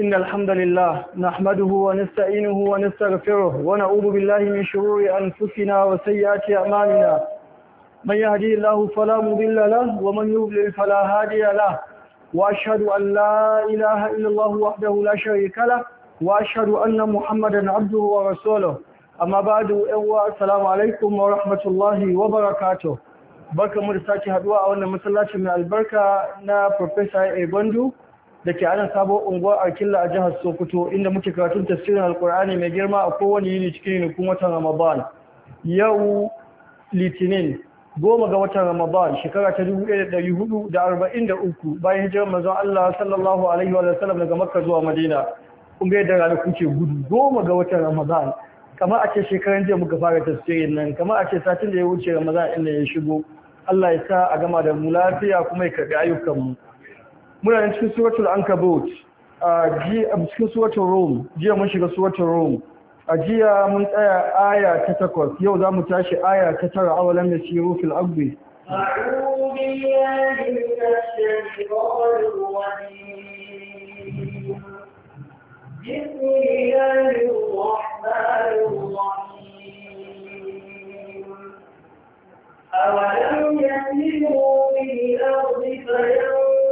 إن الحمد لله نحمده ونستعينه ونستغفره ونعوذ بالله من شرور أنفسنا وسيئات أعمالنا من يهدي الله فلا مضل له ومن يضلل فلا هادي له وأشهد أن لا إله إلا الله وحده لا شريك له وأشهد أن محمدا عبده ورسوله أما بعد أوى السلام عليكم ورحمة الله وبركاته barkamu da sake haduwa a wannan masallacin mai albarka na Professor Egondu da ke anan sabon unguwar arkilla a jihar sokoto inda muke karatun tafsirin alkur'ani mai girma a kowane yini cikin yinikun watan ramadan yau litinin goma ga watan ramadan shekara ta dubu da da da arba'in uku, bayan hijirar manzon allah sallallahu alaihi wa sallam daga makka zuwa madina kun ga yadda ranaku kuke gudu goma ga watan ramadan kamar a ce shekaran jiya muka fara tafsirin nan kamar a ce satin da ya wuce ramadan inda ya shigo allah ya sa a gama da mu lafiya kuma ya karbi ayyukanmu muna yin cikin suratul Boat a cikin suratul Rome, jiya mun shiga suratul Rome. a jiya mun tsaya aya ta takwas yau za mu tashi aya ta tara awalan da shi rufin agbe بسم الله الرحمن الرحيم أولم يسيروا في الأرض فينظروا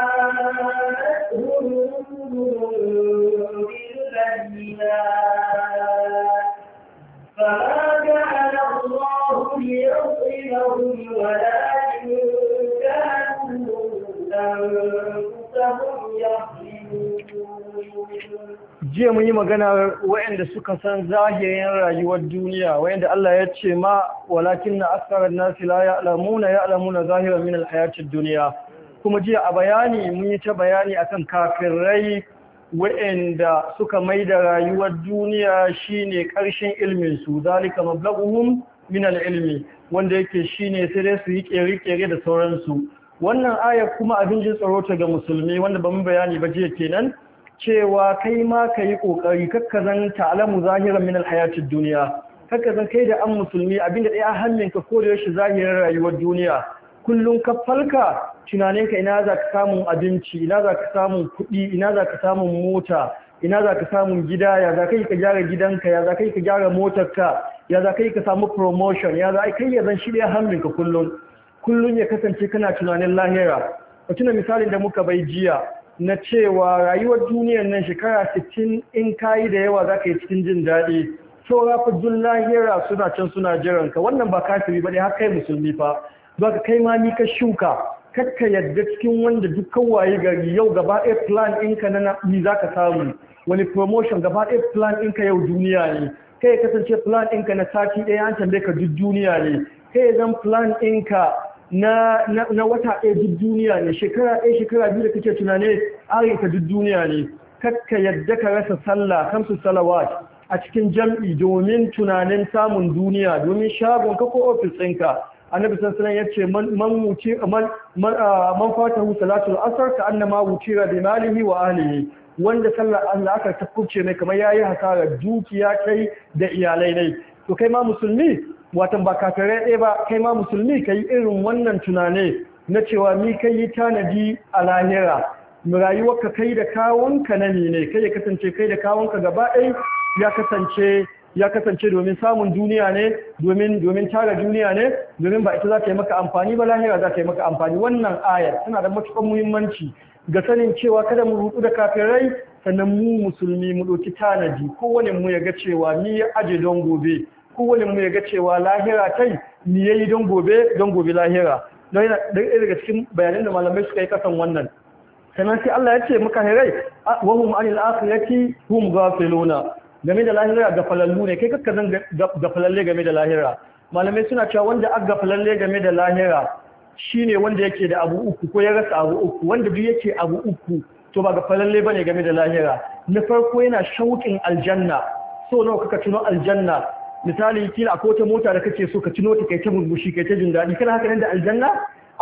يأتونهم بالبينات فما جعل الله ليصلهم ولكن كانوا أنفسهم يظلمون jiya mun yi magana wayanda suka san zahirin rayuwar duniya wayanda Allah ya ce ma walakin na asarar nasi la ya'lamuna ya'lamuna zahiran min al-hayatid duniya kuma jiya a bayani mun yi ta bayani akan kafirai wa'anda suka mai da rayuwar duniya shine ƙarshen ilmin su zalika mablaghuhum min ilmi wanda yake shine sai dai su yi kere-kere da sauransu wannan ayar kuma abin jin tsaro ta ga musulmi wanda ba bayani ba jiya kenan cewa kai ma ka yi ƙoƙari kakka zan ta'alamu zahiran min alhayatid duniya kakka zan kai da an musulmi abinda ɗaya a hannunka ko da yaushe zahirar rayuwar duniya kullum ka falka tunaninka ina za ka samun abinci ina za ka samun kuɗi ina za ka samun mota ina za ka samun gida ya za ka yi ka gyara gidanka ya za ka yi ka gyara motarka ya za ka yi ka samu promotion ya za ka yi ya zan shirya hannunka kullum kullum ya kasance kana tunanin lahira Ka tuna misalin da muka bai jiya na cewa rayuwar duniyar nan shekara 60 in ka yi da yawa za ka yi cikin jin daɗi saura jin lahira suna can suna jiranka wannan ba kafiri ba ne haka kai musulmi fa Ba ka kai ma ni ka shuka kakka yadda cikin wanda dukkan waye gari yau gaba ɗaya plan ɗinka na ni za ka samu wani promotion gaba ɗaya plan ɗinka yau duniya ne kai ya kasance plan ɗinka na sati ɗaya an tambaye ka duk duniya ne kai zan plan ɗinka na, wata ɗaya duk duniya ne shekara ɗaya shekara biyu da kake tunane ka duk duniya ne kakka yadda ka rasa sallah kamsu salawat a cikin jam'i domin tunanin samun duniya domin shagon ka ko ofis ɗinka annabi sallallahu ya ce man man wuce man man ah, hu salatul asr ka annama wuce bi malihi wa ahlihi wanda sallar Allah aka tafkuce mai kamar yayi hasara dukiya kai da iyalai ne to kai ma musulmi watan ba kafirai ɗaya ba kai ma musulmi kai irin wannan tunane na cewa ni kai yi tanadi a lahira rayuwarka kai da kawunka na ne kai ya kasance kai da kawunka gaba ɗaya ya kasance ya kasance domin samun duniya ne domin domin tara duniya ne domin ba ita za ta yi maka amfani ba lahira za ta yi maka amfani wannan Aya tana da matukar muhimmanci ga sanin cewa kada mu rutu da kafirai sannan mu musulmi mu ɗauki tanadi kowane mu ya ga cewa ni ya aje don gobe kowane mu ya ga cewa lahira kai ni ya yi don gobe don gobe lahira don yana daga cikin bayanan da malamai suka yi kasan wannan sannan sai Allah ya ce maka hirai wa hum anil akhirati hum ghafiluna game da lahira ga falallu ne kai kakka zan ga falalle game da lahira malamai suna cewa wanda aka ga falalle game da lahira shine wanda yake da abu uku ko ya rasa abu uku wanda duk yake abu uku to ba ga falalle bane game da lahira na farko yana shauƙin aljanna so nawa kaka tuno aljanna misali kila akwai wata mota da kake so ka tuno ta kai ta murmushi kai ta jin daɗi kana haka nan da aljanna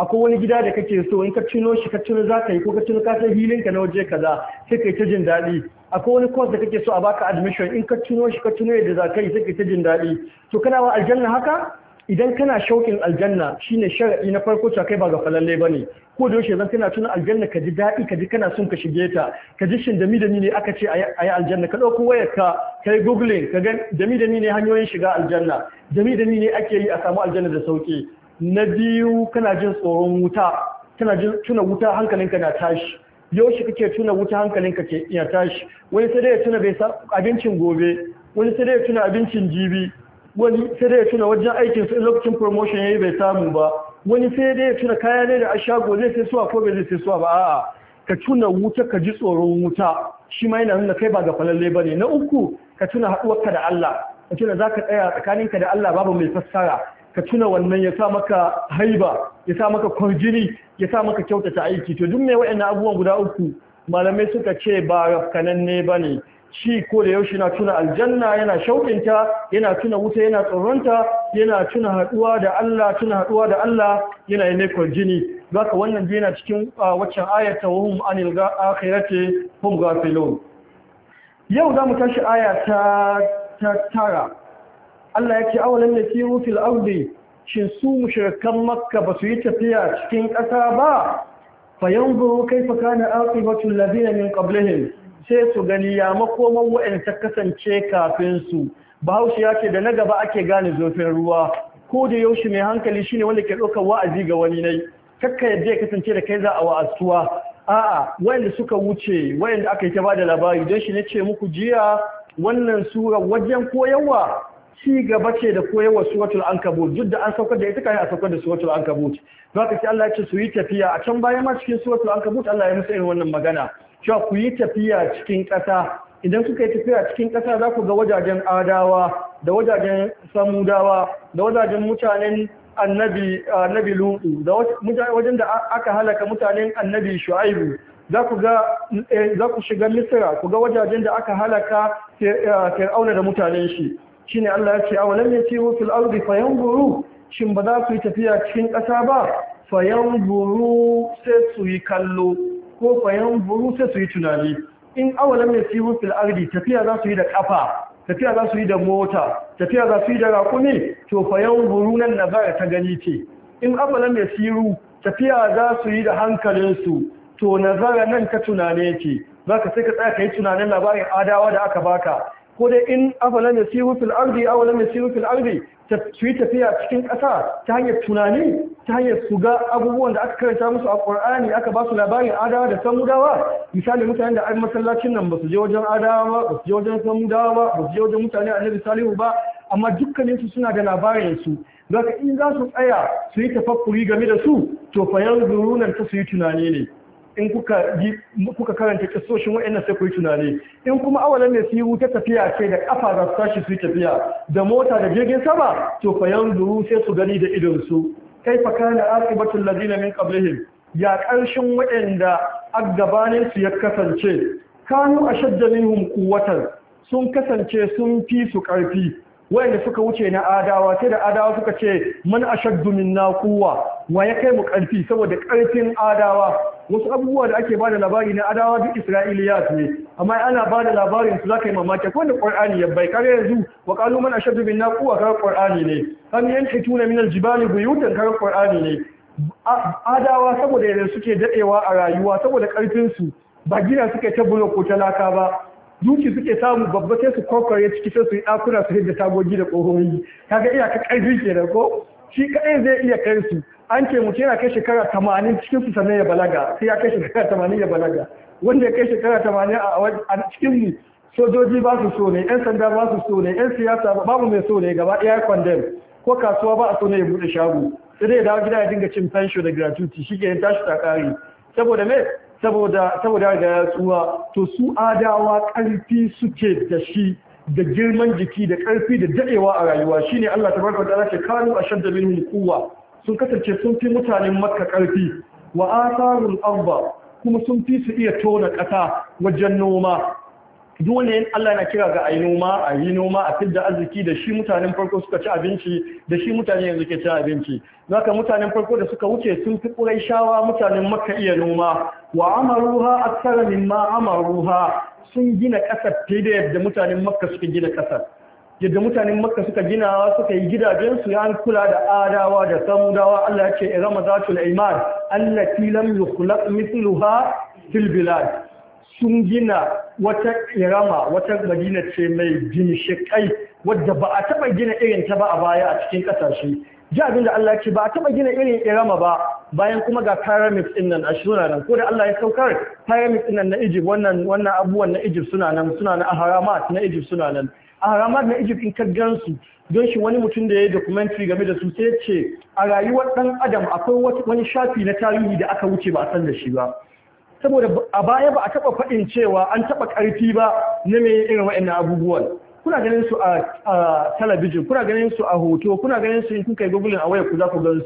akwai wani gida da kake so in ka cino shi ka cino za ka yi ko ka cino ka san hilin ka na waje kaza sai ka yi ta jin daɗi akwai wani course da kake so a baka admission in ka cino shi ka cino yadda za ka yi sai yi ta jin daɗi to kana wa aljanna haka idan kana shauƙin aljanna shine shar'i na farko ta kai ba ga falalle bane ko da yaushe zan kana tuna aljanna ka ji daɗi ka ji kana son ka shige ta ka ji shin dami dami ne aka ce a yi aljanna ka ɗauko wayar ka kai googling ka ga dami dami ne hanyoyin shiga aljanna dami dami ne ake yi a samu aljanna da sauƙi na biyu kana jin tsoron wuta kana jin tuna wuta hankalinka na tashi yaushe kake tuna wuta hankalinka ke iya tashi wani sai dai ya tuna bai abincin gobe wani sai dai ya tuna abincin jibi wani sai dai ya tuna wajen aikin su lokacin promotion yayi bai samu ba wani sai dai ya tuna kaya ne da a shago zai sai suwa ko bai zai sai suwa ba a'a ka tuna wuta ka ji tsoron wuta shi ma yana nuna kai ba ga falalle ba ne na uku ka tuna haɗuwarka da Allah ka tuna za ka tsaya tsakaninka da Allah babu mai fassara ka tuna wannan ya sa maka haiba ya sa maka kwarjini ya sa maka kyautata aiki to duk mai waɗannan abubuwan guda uku malamai suka ce ba rafkananne ba ne shi ko da yaushe na tuna aljanna yana shauƙinta yana tuna wuta yana tsoronta yana tuna haɗuwa da Allah tuna haɗuwa da Allah yana yi nekon jini ka wannan yana cikin waccan ayata wa hum anil akhirati hum yau zamu tashi aya ta tara Allah ya ce awalan da siyo fil ardi shin su mushrikan makka ba su yi tafiya cikin ƙasa ba fa yanzuru kaifa kana aqibatu alladhina min qablihim sai su gani ya makoman ta kasance kafin su bahaushe ya ce da na gaba ake gane zofin ruwa ko da yaushe mai hankali shine wanda ke ɗaukar wa'azi ga wani nai kakka yadda ya kasance da kai za a wa'astuwa a'a wa'anda suka wuce wa'anda aka yi ta bada labari don shi ne ce muku jiya wannan sura wajen koyarwa ci gaba ce da koyarwa suratul ankabut duk da an saukar da ita kai a saukar da suratul ankabut don haka sai Allah ya ce su yi tafiya a can bayan ma cikin suratul ankabut Allah ya musu irin wannan magana cewa ku yi tafiya cikin ƙasa idan kuka yi tafiya cikin ƙasa za ku ga wajajen adawa da wajajen samudawa da wajajen mutanen annabi annabi da wajen da aka halaka mutanen annabi shu'aibu za ku eh, shiga misra ku ga wajajen da aka halaka eh, fir'auna da mutanen shi Shin Allah ya ce awalam yasiru fil ardi buru? shin ba za su yi tafiya cikin ƙasa ba buru sai su yi kallo ko buru sai su yi tunani in awalam yasiru fil ardi tafiya za su yi da kafa tafiya za su yi da mota tafiya za su yi da raƙumi to buru nan nazara ta gani ce in awalam yasiru tafiya za su yi da hankalinsu to nazara nan ka tunane ce za ka sai ka tsaya ka yi tunanin labarin adawa da aka baka ko dai in afalam mai fil ardi aw lam yasiru fil ardi su tafiya cikin ƙasa ta hanyar tunani ta hanyar suga abubuwan da aka karanta musu a ƙwar'ani aka ba su labarin adawa da samudawa misali mutanen da an masallacin nan ba su je wajen adawa ba ba su je wajen samudawa ba ba su je wajen mutane annabi salihu ba amma dukkaninsu suna da labarin su zaka in za su tsaya su yi tafakkuri game da su to fa yanzu ta su yi tunani ne in kuka karanta kisoshin wa'annan sai ku yi tunani in kuma awalan mai siru ta tafiya ce da kafa za su tashi su tafiya da mota da jirgin sama to fa duru sai su gani da idon su Kai fa kana aqibatul ladina min qablihim ya karshen wa'anda aggabanin su ya kasance kanu ashadda minhum quwwatan sun kasance sun fi su karfi wayanda suka wuce na adawa sai da adawa suka ce man ashaddu minna quwwa wa ya kai mu karfi saboda karfin adawa wasu abubuwa da ake bada labari na adawa duk isra'iliya ne amma ana bada labarin su zaka mamaki ko da qur'ani ya bai kare yanzu wa qalu man ashaddu minna quwwa kare qur'ani ne kam yanhituna min aljibali buyutan kare qur'ani ne adawa saboda yanzu suke dadewa a rayuwa saboda karfin su ba gina suke ta bulo ko talaka ba duki suke samu babba sai su kwakware ciki sai su yi ɗakuna su hidda tagogi da ƙohohi kaga iyaka ƙarfi kenan ko shi kaɗai zai iya kai su an ce mutum yana kai shekara tamanin cikin su sannan ya balaga sai ya kai shekara tamanin ya balaga wanda ya kai shekara tamanin a cikin mu sojoji ba su so ne yan sanda ba su so ne yan siyasa babu mai so ne gaba ɗaya kwandem ko kasuwa ba a so ne ya buɗe shago sai dai ya dawo gida ya dinga cin fansho da gratuity shi ke tashi ta ƙari saboda me saboda ga yatsuwa to su adawa ƙarfi suke da shi da girman jiki da ƙarfi da daɗewa a rayuwa shine Allah ta wa ta'ala ke kanu ashadda minhum kuwa sun kasance sun fi mutanen makka ƙarfi wa asarul arba kuma sun fi su iya tona ƙasa wajen noma dole Allah na kira ga ayi noma a yi noma a fidda arziki da shi mutanen farko suka ci abinci da shi mutane yanzu ke ci abinci zaka mutanen farko da suka wuce sun fi shawa mutanen makka iya noma wa amaruha aktsara ma amaruha sun gina kasar da yadda mutanen makka suka gina kasar yadda mutanen makka suka gina suka yi su ya kula da adawa da samudawa Allah ya ce irama zatul iman allati lam yukhlaq mithluha fil bilad sun gina wata irama wata madina ce mai ginshiƙai wadda ba a taɓa gina irin ta ba a baya a cikin ƙasashe ji abin da Allah ce ba a taɓa gina irin irama ba bayan kuma ga pyramids ɗin nan a shuna nan ko da Allah ya saukar pyramids ɗin nan na Egypt wannan wannan abubuwan na Egypt suna nan suna na ahramat na Egypt suna nan ahramat na Egypt in ka gansu don shi wani mutum da ya yi documentary game da su sai ce a rayuwar ɗan adam akwai wani shafi na tarihi da aka wuce ba a san da shi ba saboda a baya ba a taba faɗin cewa an taba ƙarfi ba na mai irin waɗannan abubuwan kuna ganin su a talabijin kuna ganin su a hoto kuna ganin su in kun kai google a wayar ku za ku gan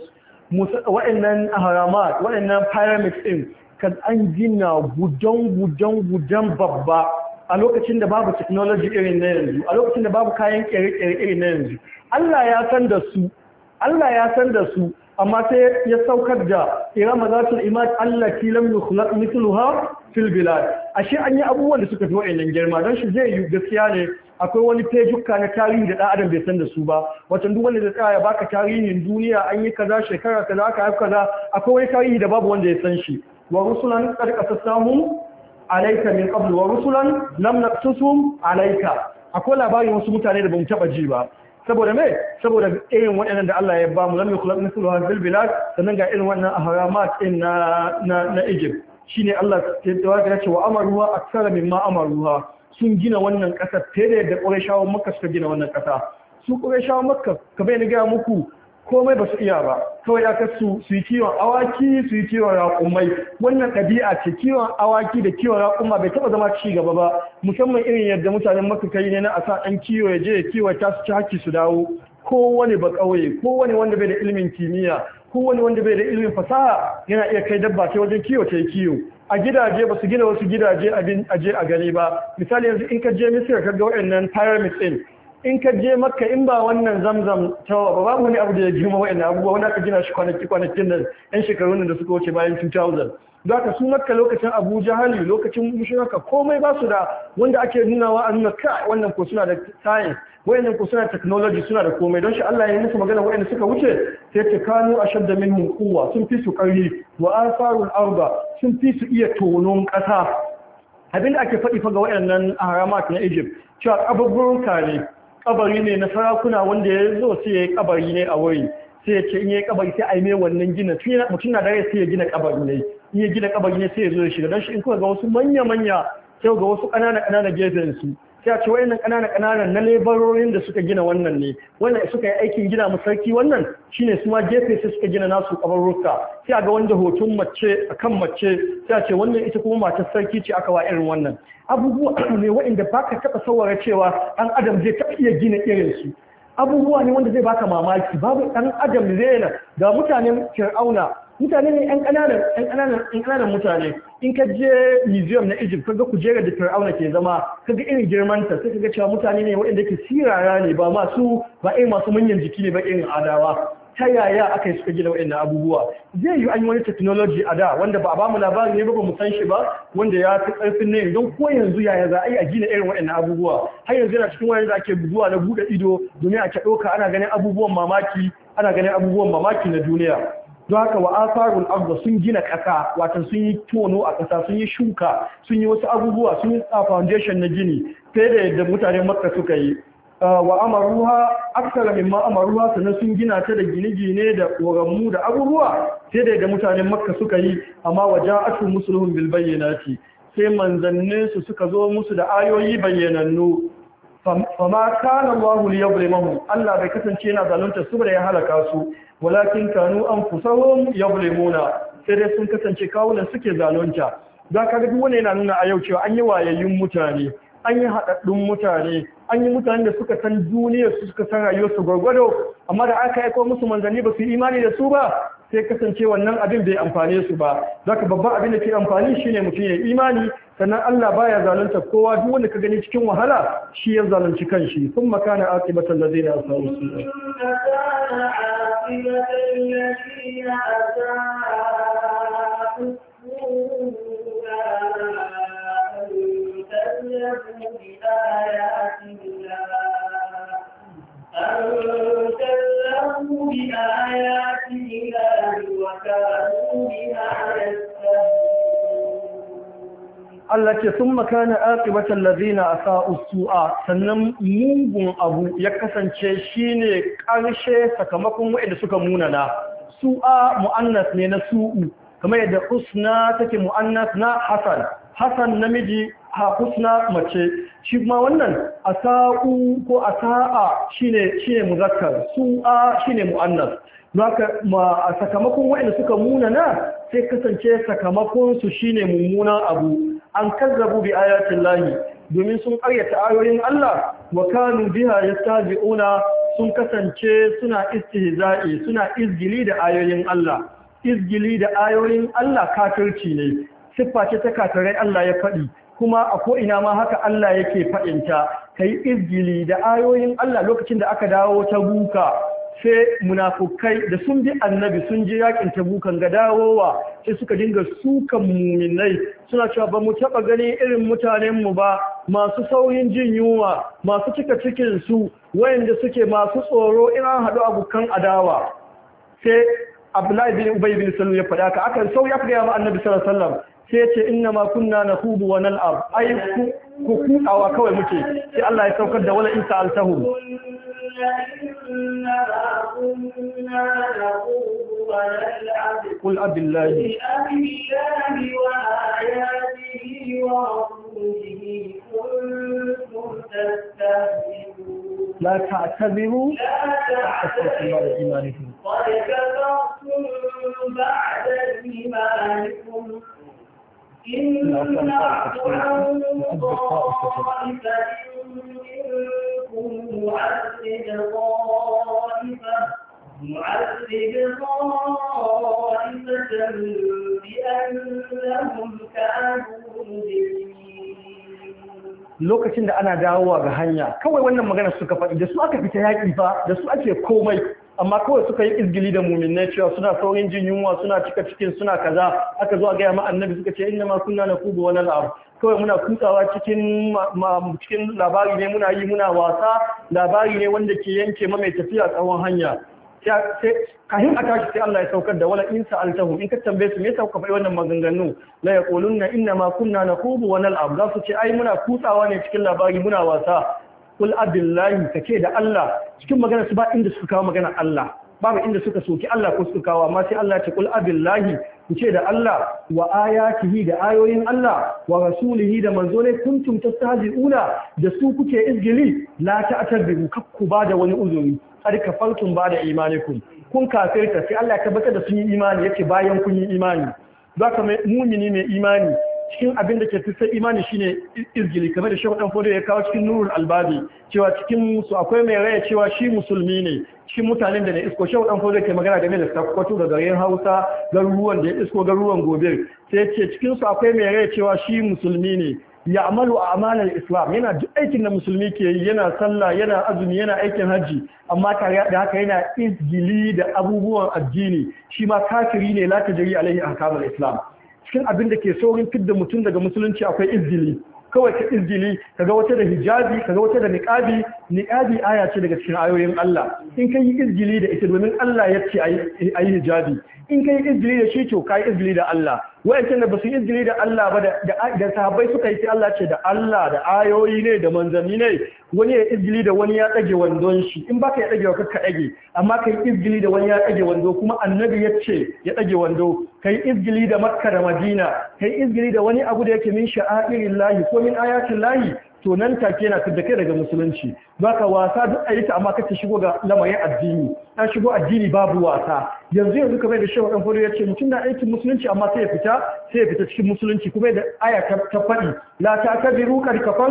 su waɗannan haramat waɗannan pyramids din kan an gina gudan gudan gudan babba a lokacin da babu technology irin na yanzu a lokacin da babu kayan kere-kere irin na yanzu Allah ya san da su Allah ya san da su amma sai ya saukar da irama zatul allah allati lam yukhlaq mithluha fil bilad ashe an yi abubuwan da suka fi wa'annan girma don shi zai yi gaskiya ne akwai wani fejuka na tarihi da ɗan adam bai san da su ba wata duk wanda zai tsaya ya baka tarihin duniya an yi kaza shekara kaza aka haifu kaza akwai wani tarihi da babu wanda ya san shi wa rusulan qad qasasnahum alaika min qabl wa rusulan lam naqsusum alayka akwai labarin wasu mutane da bamu taba ji ba saboda mai saboda irin waɗannan da Allah ya ba mu lam yukhlaq mithluha fil bilbila sannan ga irin wannan haramat din na na na shi ne Allah ya ce wa tsara aksara mimma amaruha sun gina wannan ƙasa fiye da yadda Qurayshawa Makka suka gina wannan ƙasa su Qurayshawa Makka kamar ni gaya muku komai ba su iya ba kawai ya ka su yi kiwon awaki su yi kiwon raƙumai wannan ɗabi'a ce kiwon awaki da kiwon raƙuma bai taɓa zama ci gaba ba musamman irin yadda mutanen maka ne na a sa ɗan kiwo ya je ya ta su ci haƙƙi su dawo ko wani ba ƙauye wani wanda bai da ilimin kimiyya ko wani wanda bai da ilimin fasaha yana iya kai dabba ta wajen kiwo ta yi kiwo a gidaje ba su gina wasu gidaje abin aje a gani ba misali yanzu in ka je misira ka ga waɗannan pyramids ɗin. in ka je maka in ba wannan zamzam tawa ba babu wani abu da ya girma wa'annan abubuwa wanda aka gina shi kwanaki kwanakin nan yan shekarun da suka wuce bayan 2000 za ka su makka lokacin Abuja jahali lokacin mushraka komai ba su da wanda ake nunawa a nuna ka wannan ko suna da science wa'annan ko suna technology suna da komai don shi Allah ya yi musu magana wa'annan suka wuce sai ta kanu min min quwwa sun fi su ƙarfi wa asarul arba sun fi su iya tonon ƙasa abinda ake faɗi fa ga a haramat na Egypt cewa abubuwan kare kabari ne na sarakuna wanda ya zo sai ya yi kabari ne a wuri sai ya ce in yi kabari sai a yi mai wannan gina mutum na dare sai ya gina kabari ne in ya gina kabari ne sai ya zo ya shiga don shi in kuka ga wasu manya-manya sai ga wasu ƙanana-ƙanana gefen su sai a ce wayannan ƙananan ƙananan na lebarorin da suka gina wannan ne wannan suka yi aikin gina mu sarki wannan shine su ma gefe sai suka gina nasu kabarruka sai a ga wanda hoton mace akan mace sai ce wannan ita kuma matar sarki ce aka wa irin wannan abubuwa ne ba baka taba sawara cewa an adam zai taba iya gina irin su abubuwa ne wanda zai baka mamaki babu ɗan adam zai ga mutanen fir'auna mutane ne yan ƙananan mutane in ka je museum na Egypt kaga kujera da Fir'auna ke zama kaga irin girman ta sai kaga cewa mutane ne waɗanda ke sirara ne ba masu ba irin masu manyan jiki ne ba irin adawa ta yaya aka yi suka gina waɗannan abubuwa zai yi an wani technology a da wanda ba a bamu labarin ne ba mu san shi ba wanda ya fi ƙarfin ne don ko yanzu yaya za a yi a gina irin waɗannan abubuwa har yanzu yana cikin wani da ake zuwa na buɗe ido domin a ɗauka ana ganin abubuwan mamaki ana ganin abubuwan mamaki na duniya don haka wa asarun sun gina ƙasa wata sun yi tono a kasa sun yi shuka sun yi wasu abubuwa sun yi a foundation na gini sai da yadda mutanen makka suka yi uh, wa amaruwa aksara mimma amaruwa sannan sun gina ta da gine-gine da ƙoramu da abubuwa sai da yadda mutanen makka suka yi amma wajen ja'atu musulun bilbayyana ce sai manzanninsu suka zo musu da ayoyi bayyanannu fama kana Allahu liyazlimuhum Allah bai kasance yana zalunta su bare ya halaka su walakin kanu anfusahum yazlimuna sai dai sun kasance kawunan suke zalunta za ka ga yana nuna a yau cewa an yi wayayyun mutane an yi haɗaɗɗun mutane an yi mutane da suka san duniya su suka san rayuwarsu gwargwado amma da aka aiko musu manzanni ba su yi imani da su ba sai kasance wannan abin bai amfane su ba zaka babban abin da ke amfani shine mutum ya imani sannan Allah baya zalunta kowa duk wanda ka gani cikin wahala shi ya zalunci kanshi sun makana aqibatan ladina asaa'u su'a بآيات الله وكانوا بها يستهزئون Allah ce sun makana aƙibatan lazina a su'a, sannan mugun abu ya kasance shi ne ƙarshe sakamakon waɗanda suka munana. Su'a mu'annas ne na su'u, kamar yadda husna take mu'annas na Hassan. Hassan namiji ha husna mace, shi ma wannan a sa'u ko a sa'a shi ne muzakkar, su'a shi ne mu'annas. Maka ma a sakamakon waɗanda suka munana sai kasance sakamakonsu shi ne mummunan abu. an kazzabu bi ayatin lahi domin sun ƙaryata ayoyin Allah wa kanu biha yastaji'una sun kasance suna istihza'i suna izgili da ayoyin Allah izgili da ayoyin Allah kafirci ne siffa ce ta kafirai Allah ya faɗi kuma a ko ina ma haka Allah yake faɗinta ka izgili da ayoyin Allah lokacin da aka dawo ta buka sai munafukai da sun bi annabi sun je yakin tabukan ga dawowa sai suka dinga sukan muminai suna cewa ba mu taba gani irin mutanen mu ba masu sauyin jin yunwa masu cika cikin su wayanda suke masu tsoro in an haɗu abokan adawa sai Abdullahi bin Ubay bin Salul ya faɗa ka akan sau ya gaya ma Annabi sallallahu alaihi wasallam sai ce inna ma kunna nakhudu wa nal'ab ai ku kawai muke sai Allah ya saukar da wala in sa'altahum قل أب الله وآياته ورسوله كنتم تستهزئون لا تعتذروا أستغفر لإيمانكم قد كفرتم بعد إيمانكم lokacin da ana dawowa ga hanya kawai wannan magana suka faɗi da su aka fita yaƙi fa da su ake komai amma kawai suka yi izgili da muminai cewa suna saurin jin yunwa suna cika cikin suna kaza aka zo a gaya ma annabi suka ce inna ma kunna na kubu wani la'ab kawai muna kutsawa cikin cikin labari ne muna yi muna wasa labari ne wanda ke yanke ma mai tafiya tsawon hanya kahin a tashi sai Allah ya saukar da wala in altahu in ka tambaye su me yasa kuka faɗi wannan maganganu la yaquluna inna ma kunna naqubu wa nal'ab za su ce ai muna kutsawa ne cikin labari muna wasa kul abdullahi take da Allah cikin magana su ba inda suka kawo magana Allah babu inda suka soki Allah ko suka kawo amma sai Allah ya ce kul abdullahi ce da Allah wa ayatihi da ayoyin Allah wa rasulihi da manzo ne kuntum tastahzi'una da su kuke izgili la ku, kakku ba da wani uzuri har kafartum ba da imanikum kun kafirta sai Allah ya tabbatar da sun yi imani yake bayan kun yi imani zaka mai mumini mai imani cikin abin da ke fitar imani shine izgili kamar da shekwa ɗanfodo ya kawo cikin nurul albabi cewa cikin su akwai mai raya cewa shi musulmi ne cikin mutanen da na isko shekwa ɗanfodo ke magana game da sakwato da garin hausa garuruwan da ya isko garuruwan gobe sai ce cikin su akwai mai raya cewa shi musulmi ne ya amalu a amalar islam yana duk aikin da musulmi ke yi yana sallah yana azumi yana aikin hajji amma tare da haka yana izgili da abubuwan addini shi ma kafiri ne la tajri alaihi ahkamul islam cikin abin da ke saurin fidda mutum daga musulunci akwai izili. kawai ka izgili kaga wata da hijabi kaga wata da niqabi niqabi aya ce daga cikin ayoyin Allah in kai izili da ita domin Allah ya ce ayi hijabi in kai izili da shi to kai izili da Allah wayancin da basu izgili da Allah ba da suka yi Allah ce da Allah da ayoyi ne da manzanni ne wani ya izgili da wani ya dage wandon shi in baka ya dage wa kakka dage amma kai izgili da wani ya dage wando kuma annabi ya ce ya dage wando kai izgili da Makka da Madina kai izgili da wani abu da yake min sha'a'irin lahi ko min ayatin lahi to nan take yana fidda kai daga musulunci ka wasa duk a yi ta amma kace shigo ga lamarin addini ta shigo addini babu wasa yanzu yanzu kamar da shehu dan fado ya ce mutum na aikin musulunci amma sai ya fita sai ya fita cikin musulunci kuma da aya ta faɗi la ta kabiru kad ba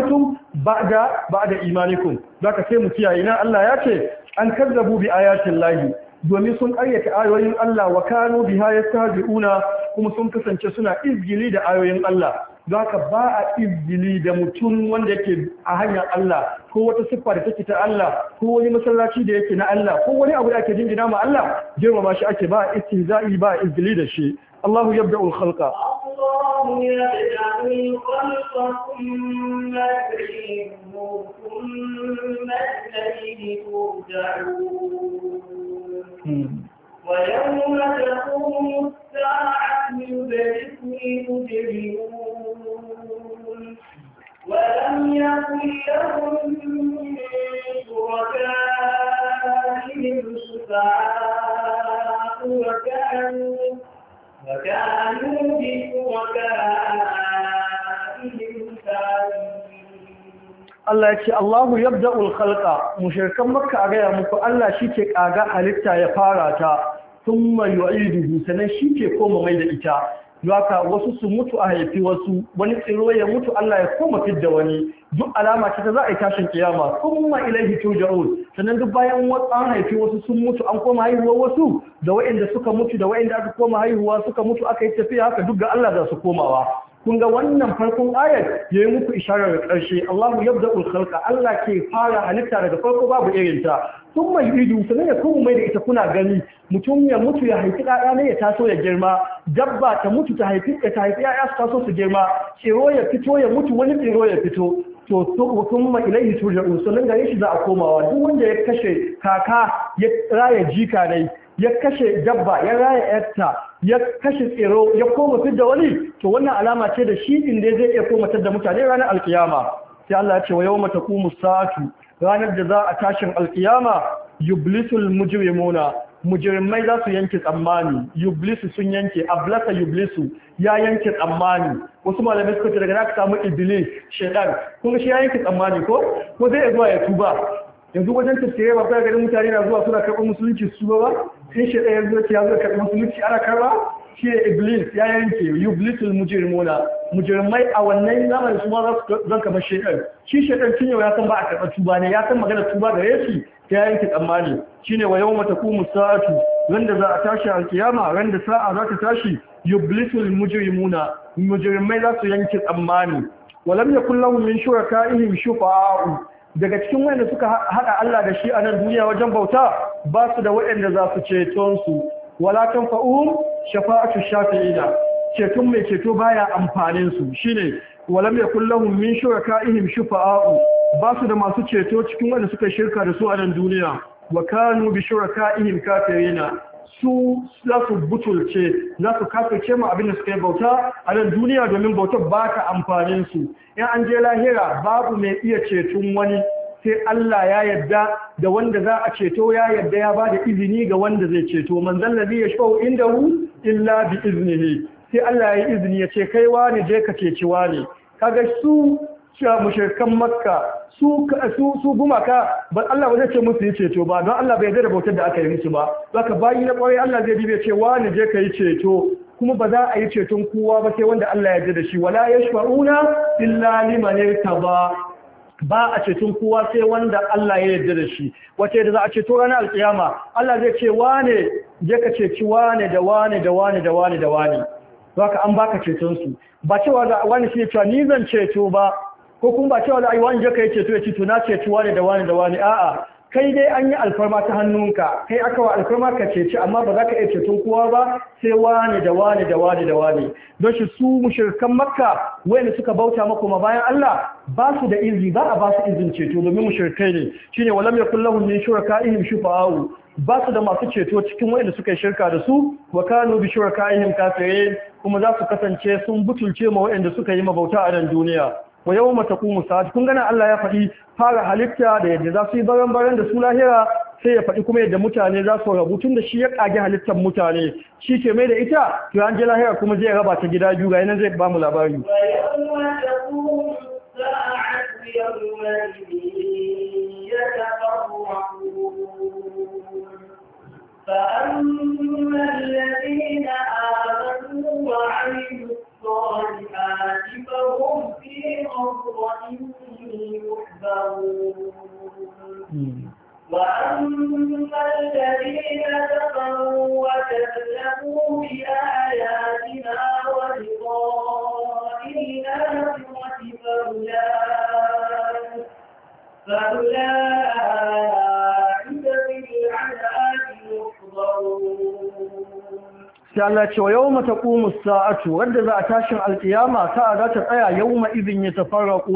ba'da ba'da imanikum ka sai mu kiyaye na Allah ya ce an kazzabu bi ayatin lahi domin sun ƙaryata ayoyin Allah wa kanu biha yastahzi'una kuma sun kasance suna izgili da ayoyin Allah Za ka ba a izgili da mutum wanda yake a hanyar Allah ko wata siffa da take ta Allah ko wani masallaci da yake na Allah ko wani abu da ake jingina ma Allah girmama shi ake ba a istihza'i ba a izgili da shi Allahu yabda'u al-khalqa الله ويوم تقوم الساعة يبلس المجرمون ولم يكن لهم من شركائهم شفعاء وكانوا وكانوا بشركائهم كافرين Allah ya ce Allahu yabda'ul khalqa mushrikan makka a gaya muku Allah shi ke kaga halitta ya fara ta thumma yu'iduhu sanan shi ke koma mai da ita haka wasu su mutu a haifi wasu wani tsiro ya mutu Allah ya koma fidda wani duk alama ce ta za a yi tashin kiyama thumma ilaihi turja'un sanan duk bayan an haifi wasu sun mutu an koma haihuwa wasu da waɗanda suka mutu da waɗanda aka koma haihuwa suka mutu aka yi tafiya haka duk ga Allah za su komawa kun ga wannan farkon ayat ya yi muku isharar da ƙarshe Allahu yabda ulkhalqa Allah ke fara halitta daga farko babu irin ta sun mai idu sanin ya kuma mai da ita kuna gani mutum ya mutu ya haifi ɗaya ne ya taso ya girma dabba ta mutu ta haifi ta haifi ya su taso su girma tsiro ya fito ya mutu wani tsiro ya fito to sun ma ilaihi turja'un sanin gare shi za a komawa duk wanda ya kashe kaka ya raya jika dai, ya kashe dabba ya raya yarta ya kashe tsero ya koma da wani to wannan alama ce da shi inda zai iya komatar da mutane ranar alkiyama sai Allah ya ce wa mata ku musatu ranar da za a tashin alkiyama yublisul mujrimuna mujrimai za su yanke tsammani yublisu sun yanke ablaka yublisu ya yanke tsammani wasu malamai suka ce daga na ka samu iblis shaitan kun shi ya yanke tsammani ko ko zai zuwa ya tuba yanzu wajen tafsirai ba ga mutane na zuwa suna karɓar musulunci su ba in shi ɗaya zuciya zai karɓi musulunci ana karɓa shi ne iblis ya yanke yublitul mujrimuna mujrimai a wannan zamanin su ma zan kama shekar shi shekar yau ya san ba a karɓar tuba ne ya san magana tuba da shi ta yanke tsammani ne wa wata taqumu sa'atu wanda za a tashi alkiyama ran sa'a za ta tashi yublisul mujrimuna mujrimai za su yanke tsammani walam yakul lahum min shuraka'ihim shufa'a'u daga cikin wanda suka hada Allah da shi a nan duniya wajen bauta ba su da waɗanda za su ceton su wala fa'um shafa'atu shafi'ina ceton mai ceto baya amfanin su shine walam yakul lahum min shurakaihim shufa'u ba su da masu ceto cikin wanda suka shirka da su a nan duniya wa kanu bi shurakaihim kafirina su za su butulce za su kafirce mu abin da suka bauta a nan duniya domin bautar ba ta amfanin su in an je lahira babu mai iya ceton wani sai Allah ya yadda da wanda za a ceto ya yadda ya ba da izini ga wanda zai ceto manzon ladhi inda hu illa bi iznihi sai Allah ya yi izini ya ce kai wani je ka ceci wani kaga su cewa mushrikan makka su su su gumaka ba Allah ba zai ce musu yi ceto ba don Allah bai yarda da bautar da aka yi musu ba zaka bayi na kwarai Allah zai dibe cewa ne je kai ceto kuma ba za a yi ceton kowa ba sai wanda Allah ya yarda da shi wala yashfa'una illa liman yartaba ba a ceton kowa sai wanda Allah ya yarda da shi wace da za a ceto ranar alkiyama Allah zai ce wane je ka ceci wane da wane da wane da wane da wane zaka an baka ceton su ba cewa wani shi ya ni zan ceto ba ko kuma ba cewa ai wani jaka yace to yace to na ce wani da wani da wani a'a kai dai an yi alfarma ta hannunka kai aka wa alfarma ka ceci amma ba za ka iya ceton kowa ba sai wani da wani da wani da wani don shi su mushirkan makka wayanda suka bauta mako ma bayan Allah ba su da izini ba a ba su izin ceto domin mushirkai ne shine walam yakul lahum min shuraka'ihim shufa'u ba su da masu ceto cikin wayanda suka yi shirka da su wa kanu bi shuraka'ihim kafirin kuma za su kasance sun butulce ma wayanda suka yi mabauta a nan duniya wa yau mata kuma sa'ad kun gana Allah ya faɗi fara halitta da yadda za su yi baran baran da su lahira sai ya faɗi kuma yadda mutane za su rabu tun da shi ya ƙage halittar mutane shi ke mai da ita to an je lahira kuma zai raba ta gida biyu ga zai ba mu labari فأما الذين آمنوا وعملوا الصالحات فهم في غفرة يحبرون وأما الذين كفروا وكذبوا بآياتنا ولقاء الآخرة فأولئك sai Allah ce wa yawma taqumu sa'atu wanda za a tashin alkiyama sa'a za ta tsaya yawma idin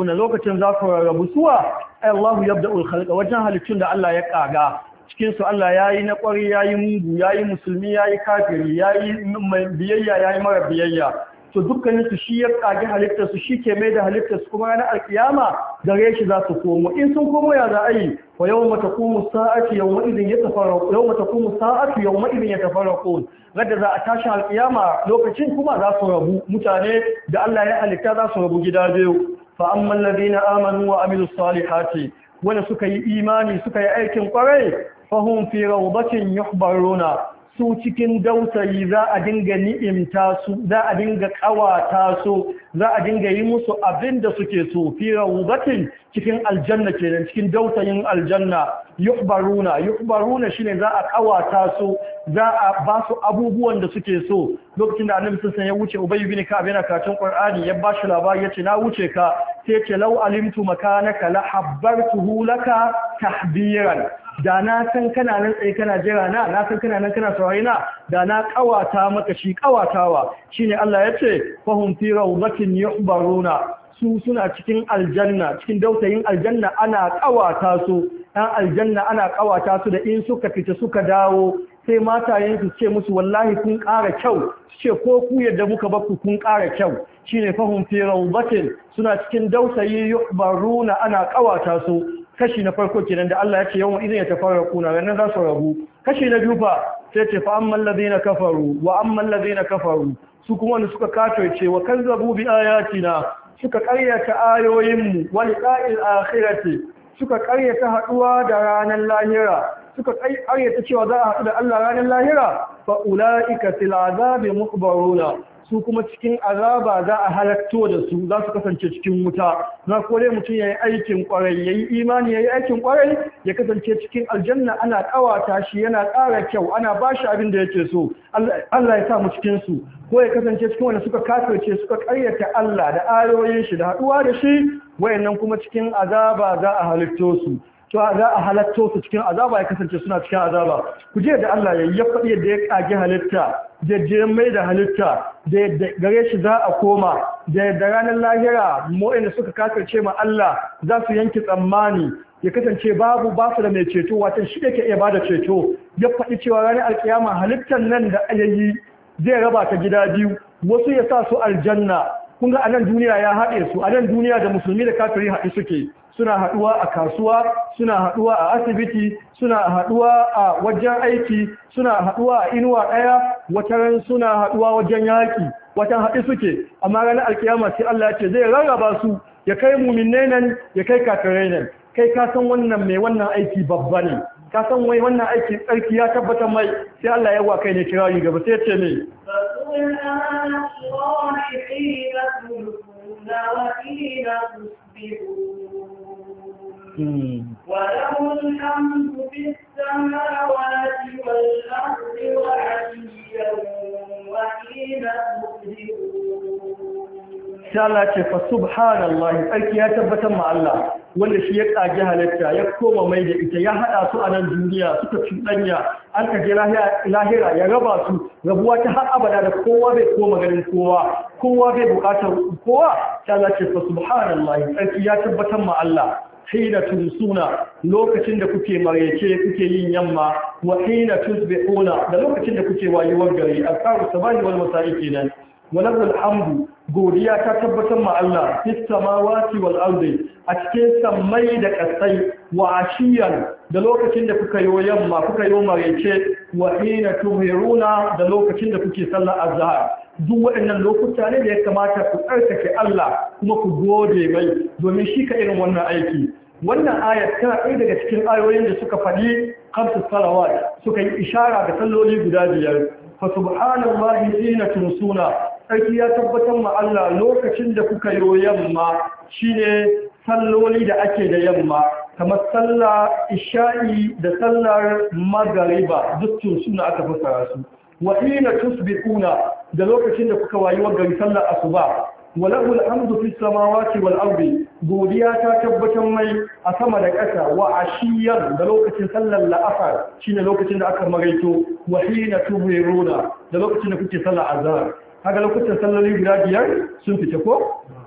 na lokacin za ku rarrabu suwa ay Allah yabda'ul khalqa wajen halittun da Allah ya kaga cikin su Allah yayi na kwari yayi mungu yayi musulmi yayi kafiri yayi mai biyayya yayi mara biyayya to dukkanin su shi ya kage halittar su shi ke mai da halittar su kuma ranar alkiyama gare shi za su komo in sun komo ya za a yi wa yau mata kumu sa'atu yau ma idin ya tafarraku yau mata kumu sa'atu yau ma idin ya tafarraku gadda za a tashi alkiyama lokacin kuma za su rabu mutane da Allah ya halitta za su rabu gida biyu fa amma alladhina amanu wa amilus salihati wanda suka yi imani suka yi aikin kwarai fahum fi rawdatin yuhbaruna su cikin dausayi za a dinga ni'imta su za a dinga kawata su za a dinga yi musu abin da suke so fi rawbatin cikin aljanna kenan cikin dausayin aljanna yukbaruna shi shine za a kawata su za a ba su abubuwan da suke so lokacin da annabi sun ya wuce ubay ibn ka'ab yana qur'ani ya bashi labari yace na wuce ka sai ce law alimtu makanaka la habbartuhu laka tahbiran da na san kana nan tsaye kana jira na na san kana nan kana saurayi na da na kawata maka shi kawatawa shine Allah ya ce fahum fi rawdatin yuhbaruna su suna cikin aljanna cikin dautayin aljanna ana kawata su dan aljanna ana kawata su da in suka fita suka dawo sai matayen su ce musu wallahi kun ƙara kyau su ce ko ku yadda muka bakku kun ƙara kyau shine fahum fi rawdatin suna cikin dautayi yuhbaruna ana kawata su kashi na farko kenan da Allah ya ce yawan idan ya tafara kuna ranar za su rabu kashi na biyu fa sai ce fa amman ladina kafaru wa amman ladina kafaru su kuma wanda suka kafirce wa kazzabu bi ayatina suka karyata ayoyinmu wa liqa'il akhirati suka karyata haduwa da ranar lahira suka karyata cewa za a haɗu da Allah ranar lahira fa ulaika fil azabi muqbaruna su kuma cikin azaba za a halatto da su za su kasance cikin wuta na kore mutum ya yi aikin kwarai ya yi imani ya yi aikin kwarai ya kasance cikin aljanna ana kawata shi yana kara kyau ana bashi abin da yake so Allah ya sa mu cikin ko ya kasance cikin wanda suka kafirce suka karyata Allah da ayoyin shi da haɗuwa da shi wayannan kuma cikin azaba za a halitto su to za a halatto su cikin azaba ya kasance suna cikin azaba ku je da Allah ya faɗi yadda ya kage halitta da mai da halitta da gare shi za a koma da yadda ranar lahira mo'in da suka kasance ma Allah za su yanki tsammani ya kasance babu ba su da mai ceto wata shi da ke iya bada ceto ya faɗi cewa ranar alƙiyama halittar nan da yi zai raba ta gida biyu wasu ya sa su aljanna kun ga anan duniya ya haɗe su a anan duniya da musulmi da kafiri haɗe suke suna haduwa a kasuwa suna haduwa a asibiti suna haduwa a wajen aiki suna haduwa a inuwa daya wataran suna haduwa wajen yaki watan haɗi suke amma ranar alkiyama sai Allah ya ce zai rarraba su ya kai muminai nan ya kai kafirai nan kai ka san wannan mai wannan aiki babba ne ka san wai wannan aiki tsarki ya tabbata mai sai Allah ya wa kai ne kirari gaba sai ya ce mai فقل وله Allah ce fa subhanallahi tsarki ya tabbatar ma Allah wanda shi ya kage halitta ya koma mai da ita ya haɗa su a nan duniya suka ɗanya, an kaje lahira ya raba su rabuwa ta har abada da kowa bai koma ganin kowa kowa bai bukatar kowa ce fa subhanallahi tsarki ya tabbatar ma Allah hina tumsuna lokacin da kuke marece kuke yin yamma wa hina tusbihuna da lokacin da kuke wayewar gari alqaru sabahi wal masa'i kenan walakul hamdu godiya ta tabbatar ma Allah fis samawati wal ardi a cikin sammai da kasai wa ashiyan da lokacin da kuka yi yamma kuka yi marece wa hina tuhiruna da lokacin da kuke sallar azhar duk waɗannan lokuta ne da ya kamata ku tsarkake Allah kuma ku gode mai domin shi ka irin wannan aiki wannan ayat tana ɗaya daga cikin ayoyin da suka faɗi kamsu salawat suka yi ishara da salloli guda biyar fa subhanallahi hina tunsuna sarki ya tabbatar ma Allah lokacin da kuka yi yamma shine salloli da ake da yamma kamar sallah, isha'i da sallar magariba duk suna aka fasara su wa hina tusbihuna da lokacin da kuka wayi wa gari sallar asuba wa lahu alhamdu fis samawati wal ardi godiya ta tabbatar mai a sama da ƙasa wa ashiyan da lokacin sallar la'asar shine lokacin da aka maraito wa hina tubiruna da lokacin da kuke sallar azhar haka lokacin sallar guda biyar sun fice ko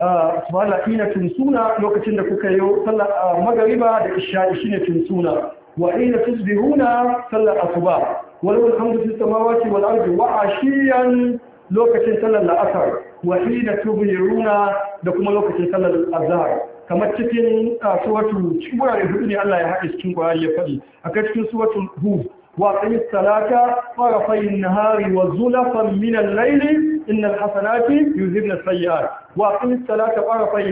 ah, subhanallahi hina tunsuna lokacin da kuka yi sallar ah, magariba da isha'i shine tunsuna wa hina tusbihuna sallar asuba wani alhamdu fi samawati wal ardi wa ashiyan lokacin sallar la'asar wa hina runa da kuma lokacin sallar azhar kamar cikin suwatu cikin wurare hudu ne Allah ya haɗe cikin Qur'ani ya faɗi akai cikin suwatu hud wa aqim salata tarafay an-nahari wa zulafan min al-layli innal hasanati yuzhibna as-sayyi'at wa aqim salata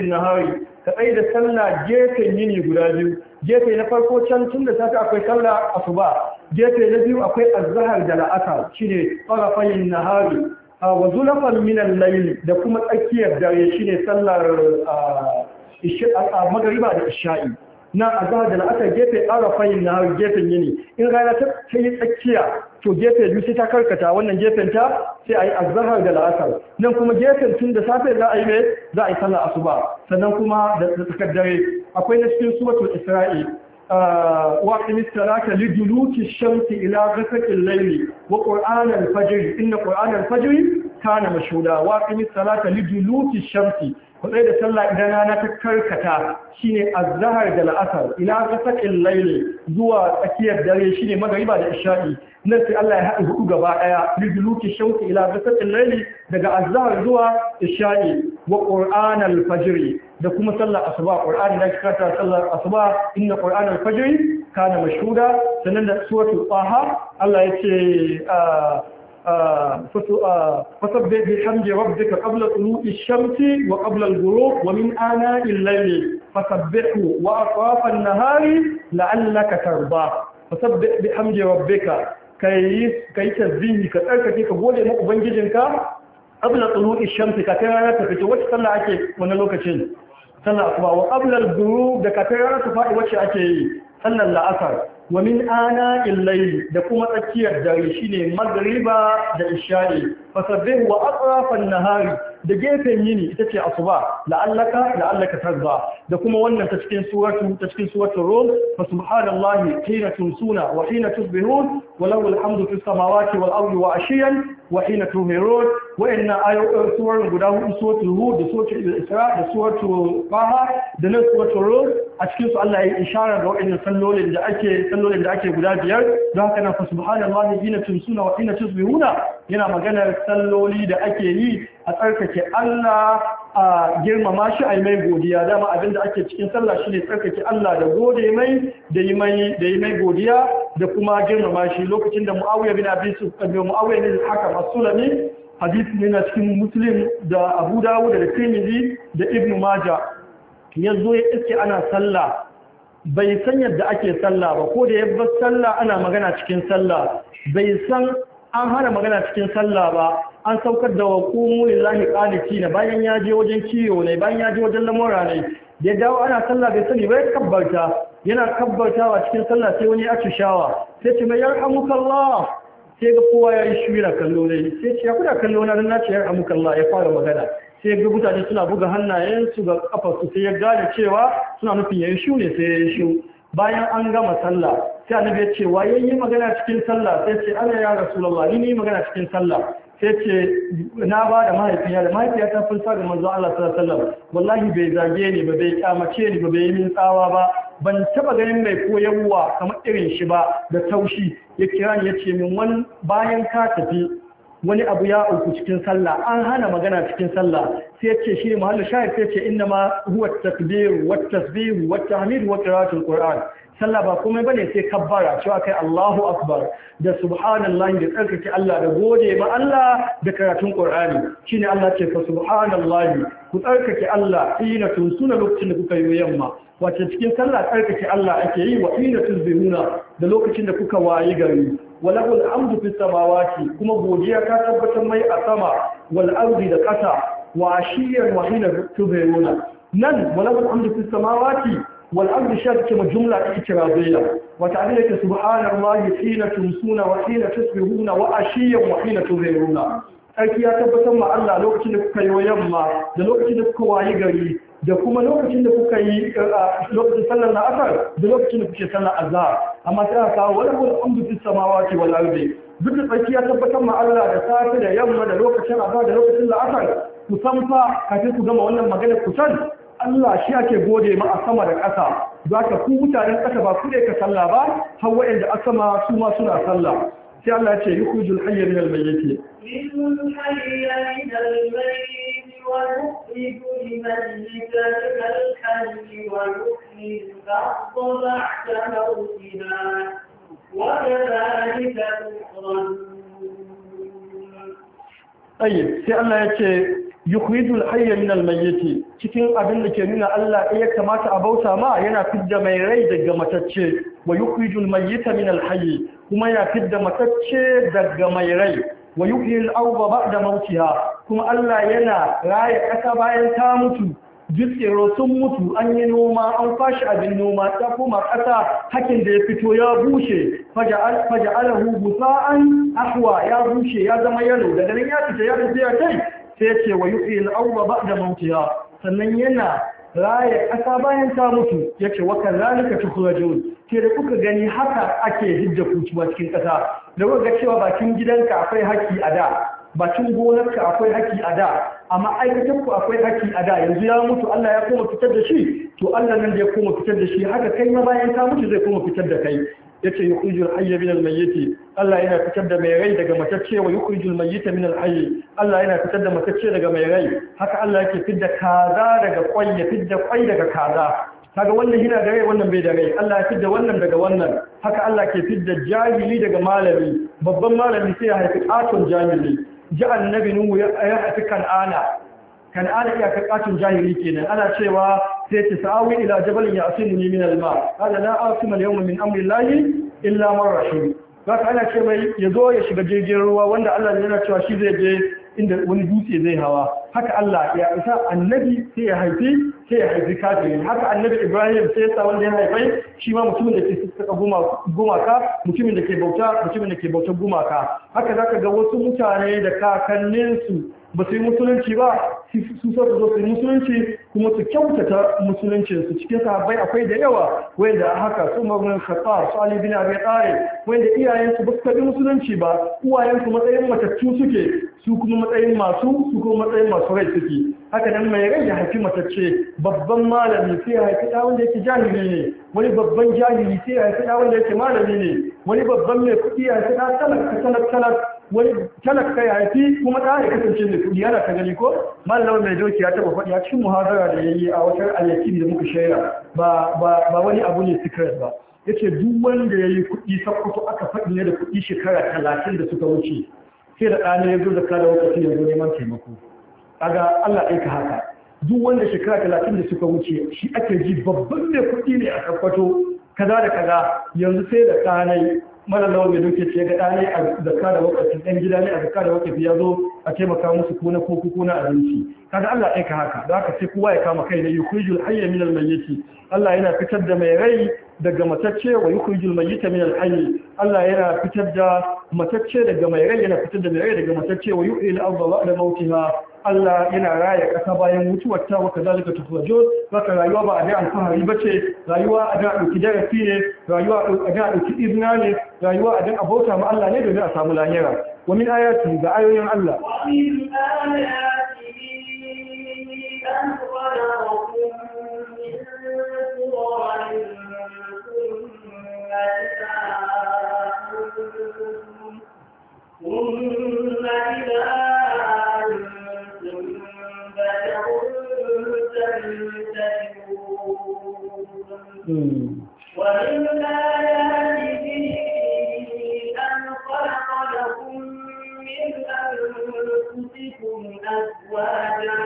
nahari ka tsaye da sallah gefen yini guda biyu gefe na farko can tun da safe akwai sallah asuba gefe na biyu akwai azhar da la'asar shine tsarafayin nahari wa zulafan min minan layl da kuma tsakiyar dare shi ne sallar a magariba da isha'i na azhar da la'asar gefe arafayin nahari gefen yini in rana ta yi tsakiya to gefe biyu sai ta karkata wannan gefen ta sai a yi azahar da la'asar nan kuma gefen tun da safe za a yi mai za a yi sallar asuba sannan kuma da tsakar dare akwai na cikin suratul isra'i واقم الصلاة لدلوك الشمس إلى غسق الليل وقرآن الفجر إن قرآن الفجر كان مشهودا واقم الصلاة لدلوك الشمس kwatsai da sallah idan rana ta karkata shine azhar da la'asar ila ghasaqil layl zuwa tsakiyar dare shine magariba da isha'i nan sai Allah ya haɗa hudu gaba ɗaya. liduluki shauki ila ghasaqil layl daga azahar zuwa isha'i wa qur'an al da kuma sallar asuba qur'ani da kika sallar asuba inna qur'an Fajiri, fajr kana mashhuda sanan da suratul taha Allah yace ah, آه، فسبح بحمد ربك قبل طلوع الشمس وقبل الغروب ومن آناء الليل فسبحه وأطراف النهار لعلك ترضى فسبح بحمد ربك كي كتر كترك فيك قولي ما أبنججنك قبل طلوع الشمس كتر تفتو وتطلع أكي ونلوك تشين sallah asuba wa qabla al-ghurub كتر kafin rana ta faɗi wacce ake yi sallar la'asar wa min ana illaili da kuma tsakiyar dare shine magriba da isha'i fasabbihu wa atrafan nahari da gefen yini ita ce asuba la'allaka la'allaka tarba da kuma wannan ta cikin suratu ta cikin suratul rum fa subhanallahi hina tumsuna wa hina tusbihun wa lahu alhamdu fis samawati wal ardi wa ashiyan wa hina tuhirun wa inna ayatu suratu guda hudu suratul hud da suratul isra da suratul baha da nan suratul rum a cikin su Allah ya ishara ga waɗannan sallolin da ake sallolin da ake guda biyar don haka nan fa subhanallahi hina tumsuna wa hina tusbihuna yana maganar salloli da ake yi a tsarkake Allah a girmama shi a yi mai godiya dama abinda ake cikin sallah shi ne tsarkake Allah da gode mai da yi mai godiya da kuma girmama shi lokacin da Muawiya bin su Sufyan eh, Muawiya ne haka lami hadisi ne na cikin musulun da Abu dawo da Tirmidhi da Ibn Ya zo ya iske ana sallah bai san yadda ake sallah ba ko da ya bar sallah ana magana cikin sallah bai san an hana magana cikin sallah ba an saukar da wa qumu lillahi na bayan ya je wajen kiyo ne bayan ya je wajen lamura ne da dawo ana sallah bai sani bai kabbarta yana kabbartawa cikin sallah sai wani aci shawa sai ce mai yarhamukallah sai ga kowa ya yi shira kallo ne sai ce ya kuna kallo na na ce yarhamukallah ya fara magana sai ga mutane suna buga hannayensu ga kafarsu sai ya gane cewa suna nufin yayin shu ne sai yayin shu bayan an gama sallah sai annabi ya ce wa yayin magana cikin sallah sai ce ana ya rasulullah ni ne magana cikin sallah sai ce na ba da mahaifiya da mahaifiya ta fulsa ga manzo Allah sallallahu alaihi wasallam wallahi bai zage ni ba bai kyamace ni ba bai yi min tsawa ba ban taba ganin mai koyarwa kamar irin shi ba da taushi ya kira ni ya ce min wani bayan ka tafi wani abu ya auku cikin sallah an hana magana cikin sallah sai ce shi muhallin shahid sai ce inna ma huwa takbir wa tasbih wa tahmid wa qira'atul qur'an sallah ba komai bane sai kabbara cewa kai Allahu akbar da subhanallahi da tsarkake Allah da gode ma Allah da karatun Qur'ani shine Allah ce fa subhanallahi ku tsarkake Allah ina tunsuna lokacin da kuka yi yamma wace cikin sallah tsarkake Allah ake yi wa ina tuzbihuna da lokacin da kuka wayi gari walahul amdu fis samawati kuma godiya ta tabbatar mai a sama wal ardi da kasa wa ashiyar wa hina nan walahul amdu fis samawati والأمر شرط كما جملة إكرابية وتعليك سبحان الله حين تمسون وحين تصبحون وأشيا وحين تظهرون أكي أتبت مع الله لوقت نفك ويما ده لوقت نفك وعيقري da kuma lokacin da kuka yi lokacin sallar na asar da lokacin da kuke sallar azhar amma sai aka wala wala amdu fis samawati wal ardi duk da ya tabbatar ma Allah da safi da yamma da lokacin azhar da lokacin la'asar ku san fa kafin ku gama wannan magana ku san Allah shi ake gode ma a sama da ƙasa za ka ku mutanen ƙasa ba ku ne ka sallah ba har waɗanda a sama su ma suna sallah sai Allah ce yi kujul hayya min almayyiti Ayyar sai Allah ya ce yukhrijul hayya min al-mayyit cikin abin da ke nuna Allah ya kamata a bauta ma yana fidda mai rai daga matacce wa yukhrijul mayyita min al-hayy kuma yana fidda matacce daga mai rai wa yuhyil arda ba'da mawtiha kuma Allah yana raya ƙasa bayan ta mutu jitsero sun mutu an yi noma an fashi abin noma ta kuma ƙasa hakin da ya fito ya bushe faja'alahu gusa'an ahwa ya bushe ya zama yalo daga nan ya fita ya fita ya kai sai ce wa ba da ba'da mautiha sannan yana raya ƙasa bayan ta mutu yace wa kura tukhrajun ke da kuka gani haka ake hidda kutuwa cikin ƙasa da kuka cewa bakin gidanka akwai haki a da bakin gonarka akwai haƙi a da amma ku akwai haki a da yanzu ya mutu Allah ya koma fitar da shi to Allah nan da ya koma fitar da shi haka kai ma bayan ta mutu zai koma fitar da kai yace yukhrijul hayya min al-mayyit Allah yana fitar da mai rai daga matacce wa yukhrijul mayyita min al-hayy Allah yana fitar da matacce daga mai rai haka Allah yake fidda kaza daga kwai ya fidda kwai daga kaza kaga wannan yana da rai wannan bai da rai Allah ya fidda wannan daga wannan haka Allah ke fidda jahili daga malami babban malami sai ya haifi atun jahili ji annabi nuhu ya haifi kan'ana kan'ana iyakar katon jahili kenan ana cewa sai ta sa'awi ila jabalin ya asilu ni min alma hada na asima al min amri lahi illa man rahim zaka ana ce mai zo ya shiga jirgin ruwa wanda Allah yana cewa shi zai je inda wani dutse zai hawa haka Allah ya isa annabi sai ya haifi sai ya haifi kafiri haka annabi Ibrahim sai ya sa wanda ya haifai shi ma mutumin da ke saka gumaka mutumin da ke bauta mutumin da ke bautar gumaka haka zaka ga wasu mutane da kakanninsu ba su yi musulunci ba su sa su yi musulunci kuma su kyautata musuluncinsu cikin sahabbai akwai da yawa wanda haka su mabin kasa su ali bin tsari wanda iyayensu ba su karbi musulunci ba uwayensu matsayin matattu suke su kuma matsayin masu su kuma matsayin masu rai suke haka nan mai rai da haifi matacce babban malami sai ya haifi ɗa wanda yake jahili ne wani babban jahili sai ya haifi ɗa wanda yake malami ne wani babban mai kuɗi ya haifi da yake talak ne wani talaka ya haifi kuma ta ya kasance mai kuɗi yana ka gani ko malamin mai doki ya taɓa faɗi a cikin muhazara da ya yi a wata alyakini da muka shaira ba wani abu ne secret ba yace duk wanda ya yi kuɗi sakkwato aka faɗi ne da kuɗi shekara talatin da suka wuce sai da ɗana ya zo da kada wakati ya zo neman taimako kaga Allah aika haka duk wanda shekara talatin da suka wuce shi ake ji babban mai kuɗi ne a sakkwato kaza da kaza yanzu sai da ɗanai mara lawan mai doke ce ga ɗane a zakka da wakafi ɗan gida ne a zakka da wakafi ya zo a taimaka musu kuna ko kuna abinci kaga Allah aika haka da haka sai kowa ya kama kai ne yukhrijul hayya min al mayyit Allah yana fitar da mai rai daga matacce wa yukhrijul mayyita min al hayy Allah yana fitar da matacce daga mai rai yana fitar da mai rai daga matacce wa yuhil arda ba'da mautiha Allah yana raya ƙasa bayan mutuwar ta zalika ta fulajo, baka rayuwa ba a da alfahari ba ce, rayuwa a da dauki darasi ne rayuwa a da dauki izina ne rayuwa a da abota ma Allah ne domin a samu lahira Wani ayati ga ayoyin Allah Wani ayati تنتهون ومن آياته أن خلق لكم من أنفسكم أزواجا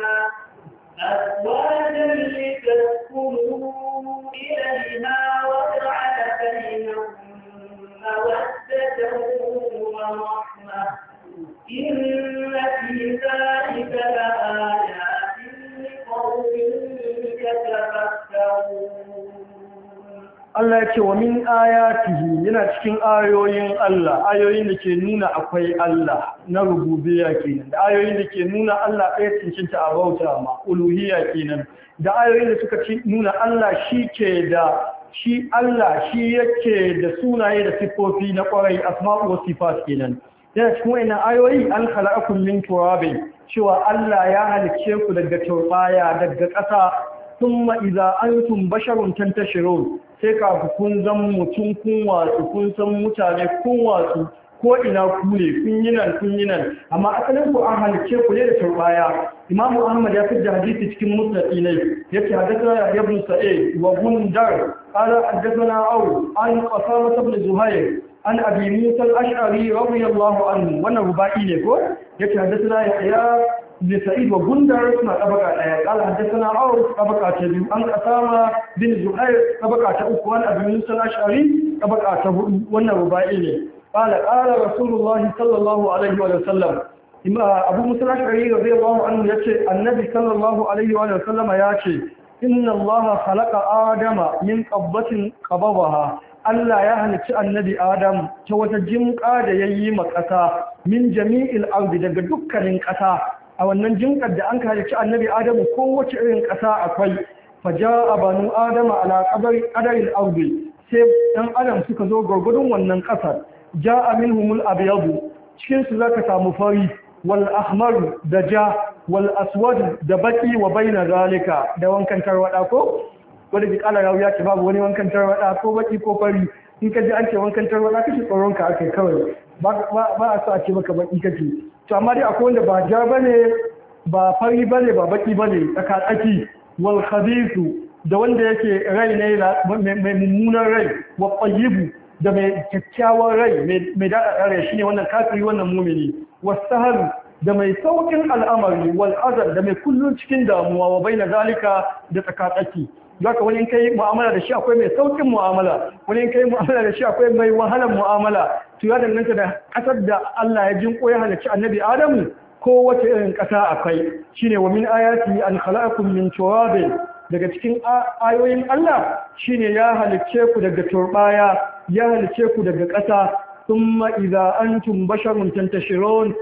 أزواجا لتسكنوا إليها وجعل بينكم مودة ورحمة إن في ذلك لآيات Allah ya ce wa min ayatihi yana cikin ayoyin Allah ayoyin da ke nuna akwai Allah na rububiyya kenan da ayoyin da ke nuna Allah ɗaya cikin a abauta ma uluhiyya kenan da ayoyin da suka nuna Allah shi ke da shi Allah shi yake da sunaye da siffofi na kwarai asma'u wa sifat kenan yana cikin wayannan ayoyi an khalaqakum min turabin cewa Allah ya halicce ku daga turbaya daga ƙasa ma’iza an antum basharun tantashirun sai kafin kun zan mutum kun watsu kun san mutane kun watsu ko ina ku ne kun yi nan kun yi nan amma asalin ku an halicce ku ne da turbaya imamu ahmad ya da hadisi cikin musnad ne yace hadathana ibn sa'id wa gundar qala hadathana aw an zuhair an abi musa al-ash'ari radiyallahu anhu wannan rubai ne ko Ya yake haddathana yahya bin sa'id wa gundar suna tabaka daya qala haddathana awr tabaka ta biyu an qasama bin zuhair tabaka ta uku wani abi musa al-ash'ari tabaka ta hudu wannan rubai ne qala qala rasulullahi sallallahu alaihi wa sallam abu musa al-ash'ari radiyallahu ya ce, annabi sallallahu alaihi wa sallam ce, inna allaha khalaqa adama min qabbatin qababaha Allah ya halicci annabi Adam ta wata jimƙa da ya yi ma ƙasa min jami'il ardi daga dukkanin ƙasa a wannan jimƙar da an halicci annabi Adam kowace irin ƙasa akwai faja a banu Adam ala ƙadarin ardi sai dan Adam suka zo gwargwadon wannan ƙasar ja a minhumul abyadu cikin su zaka samu fari wal ahmar da ja wal aswad da baki wa baina zalika da wankan tarwada ko wanda bi kala rawu ya ce babu wani wankan tarwada ko baki ko fari in ka ji an ce wankan tarwada shi tsoron ka kawai ba a so a ce maka baki kake to amma dai akwai wanda ba ja bane ba fari bane ba baki bane tsaka tsaki wal khabisu da wanda yake rai ne mai mummunan rai wa qayyibu da mai kyakkyawan rai mai daɗa rai shine wannan kafiri wannan mumini wasahar da mai saukin al'amari wal azar da mai kullun cikin damuwa wa baina zalika da tsakatsaki zaka wani kai mu'amala da shi akwai mai saukin mu'amala wani kai mu'amala da shi akwai mai wahalar mu'amala to ya danganta da kasar da Allah ya jinko ya halarci annabi Adamu ko wace irin kasa akai shine wa min ayati an khalaqakum min turabin daga cikin ayoyin Allah shine ya halicce ku daga turbaya ya halicce ku daga kasa thumma idza antum basharun tantashirun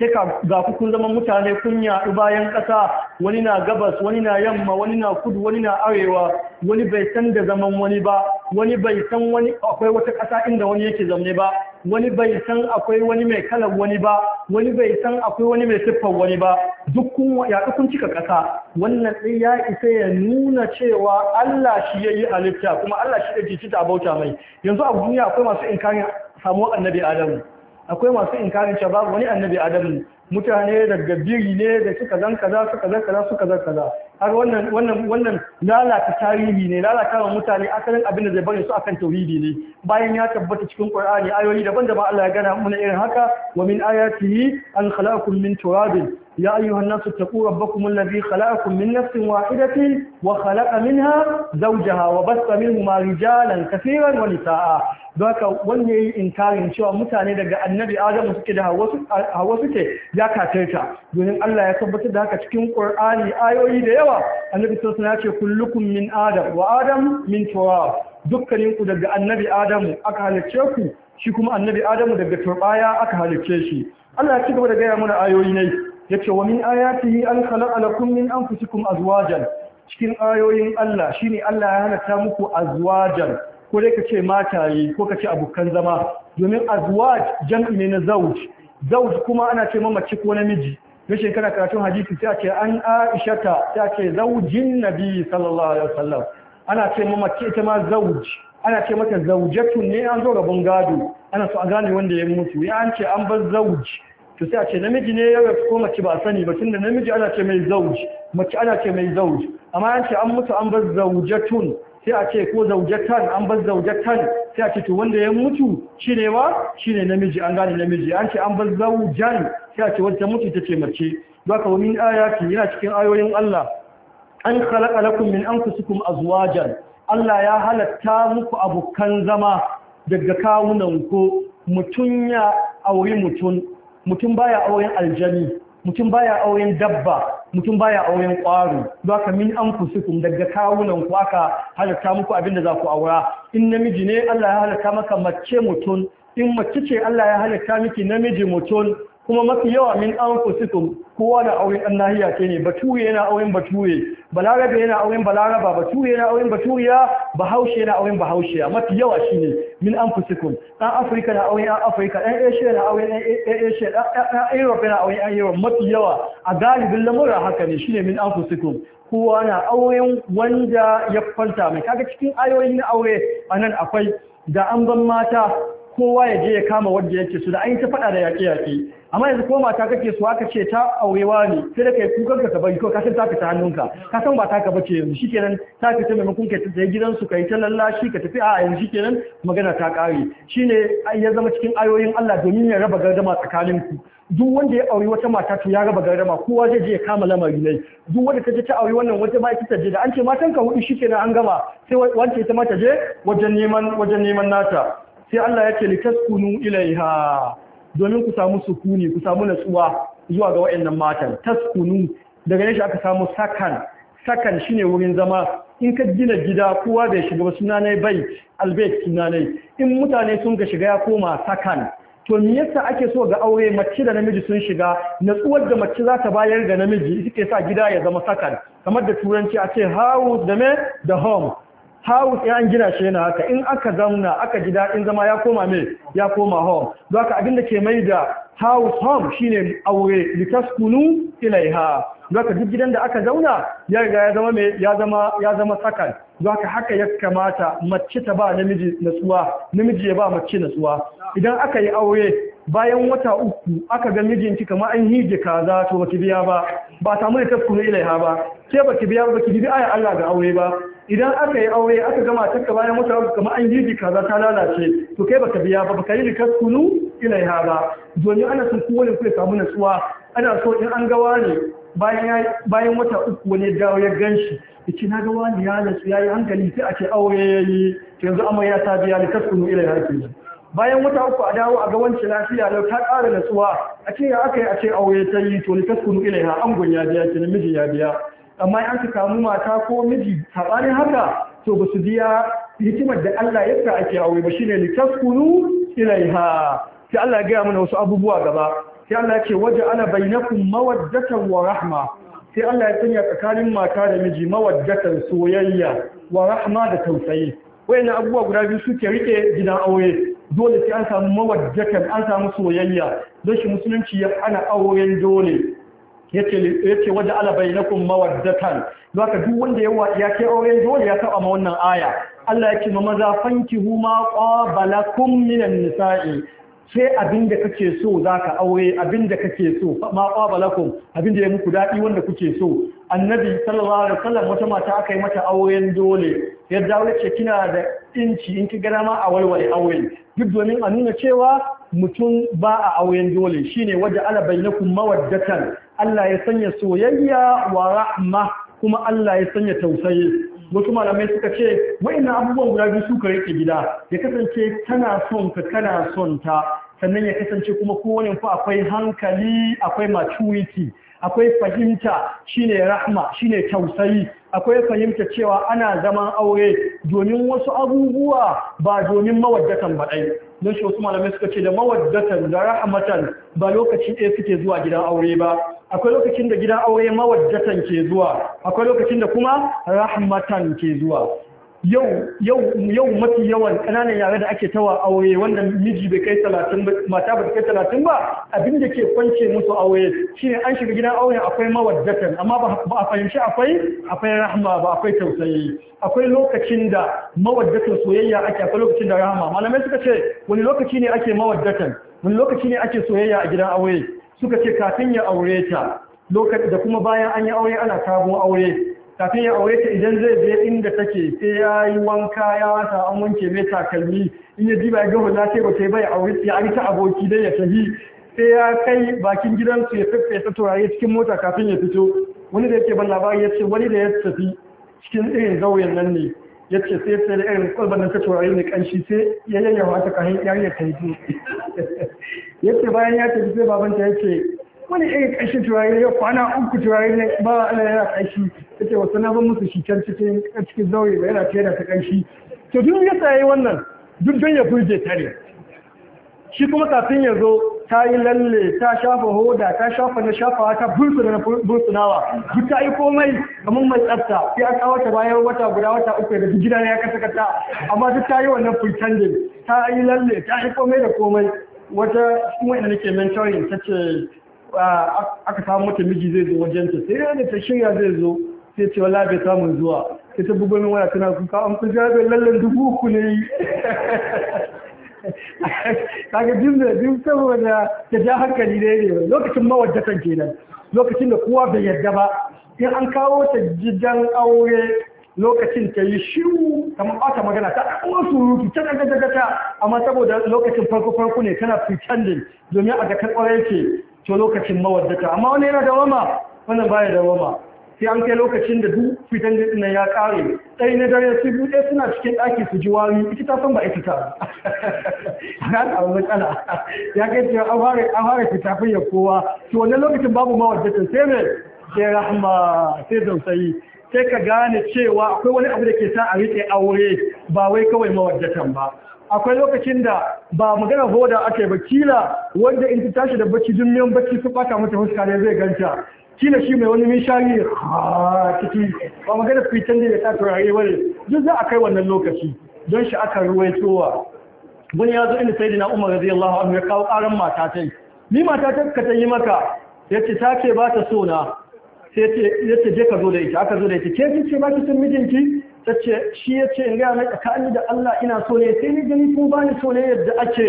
sai ka ga kun zama mutane kunya yaɗu bayan ƙasa wani na gabas wani na yamma wani na kudu wani na arewa wani bai san da zaman wani ba wani bai san wani akwai wata ƙasa inda wani yake zaune ba wani bai san akwai wani mai kalar wani ba wani bai san akwai wani mai siffar wani ba duk kun cika ƙasa wannan ɗin ya isa ya nuna cewa Allah shi ya yi halitta kuma Allah shi ya jijita a bauta mai yanzu a duniya akwai masu inkarin samuwar annabi Adamu akwai masu inkarin cewa babu wani annabi adam mutane daga biri ne da suka zan kaza suka zan kaza suka zan kaza har wannan wannan wannan lalata tarihi ne lalata wa mutane asalin abin da zai bari su akan tauhidi ne bayan ya tabbata cikin qur'ani ayoyi daban-daban Allah ya gana muna irin haka wa min ayatihi an khalaqakum min turabin يا أيها الناس اتقوا ربكم الذي خلقكم من نفس واحدة وخلق منها زوجها وبث منهما رجالا كثيرا ونساء دوكا wanda yayi inkarin cewa mutane daga annabi Adamu suke da Hawwa suke ya katarta domin Allah ya tabbatar da haka cikin Qur'ani ayoyi da yawa annabi sallallahu alaihi ya ce kullukum min Adam wa Adam min turab dukkaninku daga annabi Adamu aka halicce ku shi kuma annabi Adamu daga turbaya aka halicce shi Allah ya ci gaba da gaya mana ayoyi ne yace wa min yi an khalaqa an fi anfusikum azwajal. cikin ayoyin Allah shine Allah ya halatta muku azwajal. ko dai kace yi, ko kace abokan zama domin azwaj jam'i ne na zauj zauj kuma ana ce mamaci ko namiji na shekara karatun hadisi sai a ce an aishata sai ce zaujin nabi sallallahu alaihi wasallam ana ce mamaci ita ma zauj ana ce mata zaujatun ne an zo gaban gado ana so a gane wanda ya mutu ya an ce an bar zauj to sai a ce namiji ne ya rasu ko mace ba sani ba tunda namiji ana ce mai zauji mace ana ce mai zauji amma an ce an mutu an bar zaujatun sai a ce ko zaujatan an bar zaujatan sai a ce to wanda ya mutu shine wa shine namiji an gane namiji an ce an bar zaujan sai a ce wanda mutu ta ce mace baka wa min ayati yana cikin ayoyin Allah an khalaqa lakum min anfusikum azwajan Allah ya halatta muku abokan zama daga kawunan ko mutum ya auri mutum mutum baya auren aljani mutum baya auren dabba mutum baya auren kwaro za ka min an fusikun daga kawunan ku aka halatta muku abin da za ku aura in namiji ne Allah ya halatta maka mace mutum in mace ce Allah ya halatta miki namiji mutum kuma mafi yawa min an fusikum kowa da auren ɗan nahiya ke ne bature yana auren bature balarabe yana auren balaraba bature yana auren baturiya bahaushe yana auren bahaushe mafi yawa shi ne min an fusikum ɗan afirka na auren ɗan afirka ɗan asia na auren ɗan asia ɗan europe na auren ɗan europe mafi yawa a galibin lamura haka ne shi ne min an fusikum kowa na auren wanda ya kwanta mai kaga cikin ayoyi na aure a nan akwai da an ban mata kowa ya je ya kama wadda yake su da an yi ta fada da yaƙe-yaƙe amma yanzu ko mata kake su haka ce ta aurewa ne sai da kai kukan ka bari ko kasan ta fita hannunka ka san ta ka bace yanzu shikenan ta fita maimakon ka tsaye gidan su kai ta lallashi ka tafi a yanzu shikenan magana ta kare shine ya zama cikin ayoyin Allah domin ya raba gardama tsakanin ku duk wanda ya auri wata mata to ya raba gardama kowa zai je ya kama lamari ne duk wanda ta je ta auri wannan wata ba ita je da an ce matan ka hudu shikenan an gama sai wance ita ma je wajen neman wajen neman nata sai Allah ya ce litaskunu ilaiha domin ku samu sukuni ku samu natsuwa zuwa ga wayannan matan taskunu daga ne aka samu sakan sakan shine wurin zama in ka gina gida kowa bai shiga ba suna ne bai albayt suna in mutane sun ga shiga ya koma sakan to me yasa ake so ga aure mace da namiji sun shiga natsuwar da mace za ta bayar ga namiji ita ke sa gida ya zama sakan kamar da turanci a ce house da me da home house ya an gina shi yana haka in aka zauna aka ji daɗin zama ya koma mai ya koma home don haka abinda ke mai da house home shine aure litaskunu ilaiha don haka duk gidan da aka zauna ya riga ya zama mai ya zama ya zama sakan don haka haka ya kamata mace ta ba namiji natsuwa namiji ya ba mace natsuwa idan aka yi aure bayan wata uku aka ga mijin ki kamar an hije kaza to baki biya ba ba samu da tafkunu ilaiha ba ke baki biya ba baki bi aya Allah ga aure ba idan aka yi aure aka gama takka bayan wata kamar an gidi kaza ta lalace to kai baka biya ba baka yi likas kunu ilaiha ba domin ana son kowane ku ya samu natsuwa ana so in an gawa ne bayan wata uku wani dawo ya gan shi na gawa ne ya natsu ya yi hankali sai a ce aure ya yi yanzu amarya ta biya likas kunu ilaiha ke bayan wata uku a dawo a ga wancan lafiya lau ta ƙara natsuwa a ce ya aka yi a ce aure ta yi to likas kunu ilaiha angon ya biya ke namiji ya biya amma an ka samu mata ko miji sabanin haka to ba su biya hikimar da Allah ya sa ake aure ba shine litaskunu ilaiha sai Allah ya gaya mana wasu abubuwa gaba sai Allah ya ce waje ana bainakum mawaddatan wa rahma sai Allah ya sanya tsakanin mata da miji mawaddatan soyayya wa rahma da tausayi wayannan abubuwa guda biyu suke rike gidan aure dole sai an samu mawaddatan an samu soyayya don shi musulunci ya ana aure dole yace waje ala bainakum mawaddatan haka duk wanda ya ya kai auren dole ya taba ma wannan aya Allah yake ma maza fanki ma qabalakum minan nisa'i sai abinda kake so zaka aure abinda kake so ma qabalakum abinda ya muku dadi wanda kuke so annabi sallallahu alaihi wasallam wata mata aka yi mata auren dole ya dawo yace kina da inci in ki ma a walwale aure. duk domin a nuna cewa mutum ba a auren dole shine waje ala bainakum mawaddatan Allah ya sanya soyayya wa rahma kuma Allah ya sanya tausayi wasu malamai suka ce wa'annan abubuwan guda biyu suka rike gida ya kasance tana son ka kana son ta sannan ya kasance kuma kowane fa akwai hankali akwai maturity akwai fahimta shine rahma shine tausayi akwai fahimta cewa ana zaman aure domin wasu abubuwa ba domin mawaddatan baɗai don shi wasu malamai suka ce da mawaddatan da rahmatan ba lokaci ɗaya suke zuwa gidan aure ba akwai lokacin da gidan aure mawaddatan ke zuwa akwai lokacin da kuma rahmatan ke zuwa yau mafi yawan ƙananan yare da ake tawa aure wanda miji bai kai talatin ba mata ba kai talatin ba abin da ke kwance musu aure ne an shiga gidan aure akwai mawaddatan amma ba a fahimci akwai akwai rahama ba akwai tausayi akwai lokacin da mawaddatan soyayya ake akwai lokacin da rahama malamai suka ce wani lokaci ne ake mawaddatan wani lokaci ne ake soyayya a gidan aure suka ce kafin ya aure ta lokacin da kuma bayan an yi aure ana sabon aure kafin ya aure ta idan zai je inda take sai ya yi wanka ya wata amince mai takalmi in ya ji ba ya ga hula sai ba ta bai aure ya ari ta aboki dai ya tafi sai ya kai bakin gidansu ya ta turare cikin mota kafin ya fito wani da yake ban labari ya ce wani da ya tafi cikin irin zauyen nan ne ya ce sai sai da irin kwalban ta turare mai kanshi sai ya yanya wata kahin yarinya ta yi ya ce bayan ya tafi sai babanta ya ce wani irin kanshin turare ya kwana uku turare ne ba Allah yana kanshi yace wasu na ban musu shi can cikin cikin zaure ba yana tera ta kanshi to duk yasa yi wannan duk don ya burge tare shi kuma kafin ya zo ta yi lalle ta shafa hoda ta shafa na shafa ta bursuna na duk ta yi komai kamar mai tsafta sai an kawo ta bayan wata guda wata uku da gida ya kasa kata amma duk ta yi wannan pretending ta yi lalle ta yi komai da komai wata kuma ina nake mentoring ta ce ah, aka samu mata miji zai zo wajen ta sai da ta shirya zai zo sai ce wala bai samun zuwa sai ta bugo min waya tana kuka an ku bai lallan dubu uku ne yi kaga jimla jim saboda ta ja hankali ne ne lokacin mawaddatan kenan lokacin da kowa bai yarda ba in an kawo ta gidan aure lokacin ta yi shiru kamar ɓata magana ta kuma surutu ta daga ta amma saboda lokacin farko farko ne tana pretending domin a ga kan ce to lokacin mawaddata amma wani yana da wama wannan baya da wama sai an kai lokacin da duk fitan na ya kare ɗai na dare su buɗe suna cikin ɗaki su ji wari ita ta san ba ita ta na da matsala ya kai cewa an fara an fara fitafin ya kowa to wannan lokacin babu ma wajen sai mai sai rahama sai tausayi sai ka gane cewa akwai wani abu da ke sa a riƙe aure ba wai kawai mawaddatan ba akwai lokacin da ba magana hoda ake ba kila wanda in ta tashi da bacci miyan bacci su baka mata huska ne zai ganta kila shi mai wani mishari a ciki ba magana fitan da ya sa turare wani duk za a kai wannan lokaci don shi aka ruwaitowa wani ya zo inda sai dina umar Allah anhu ya kawo karan mata ni mata ta ka ta yi maka ya ce ta ce ba ta so na sai ya ce je ka zo da ita aka zo da ita ke ce ba ki son mijinki ta ce shi ya ce ga mai tsakani da Allah ina so ne sai ni gani ko bani so ne yadda ake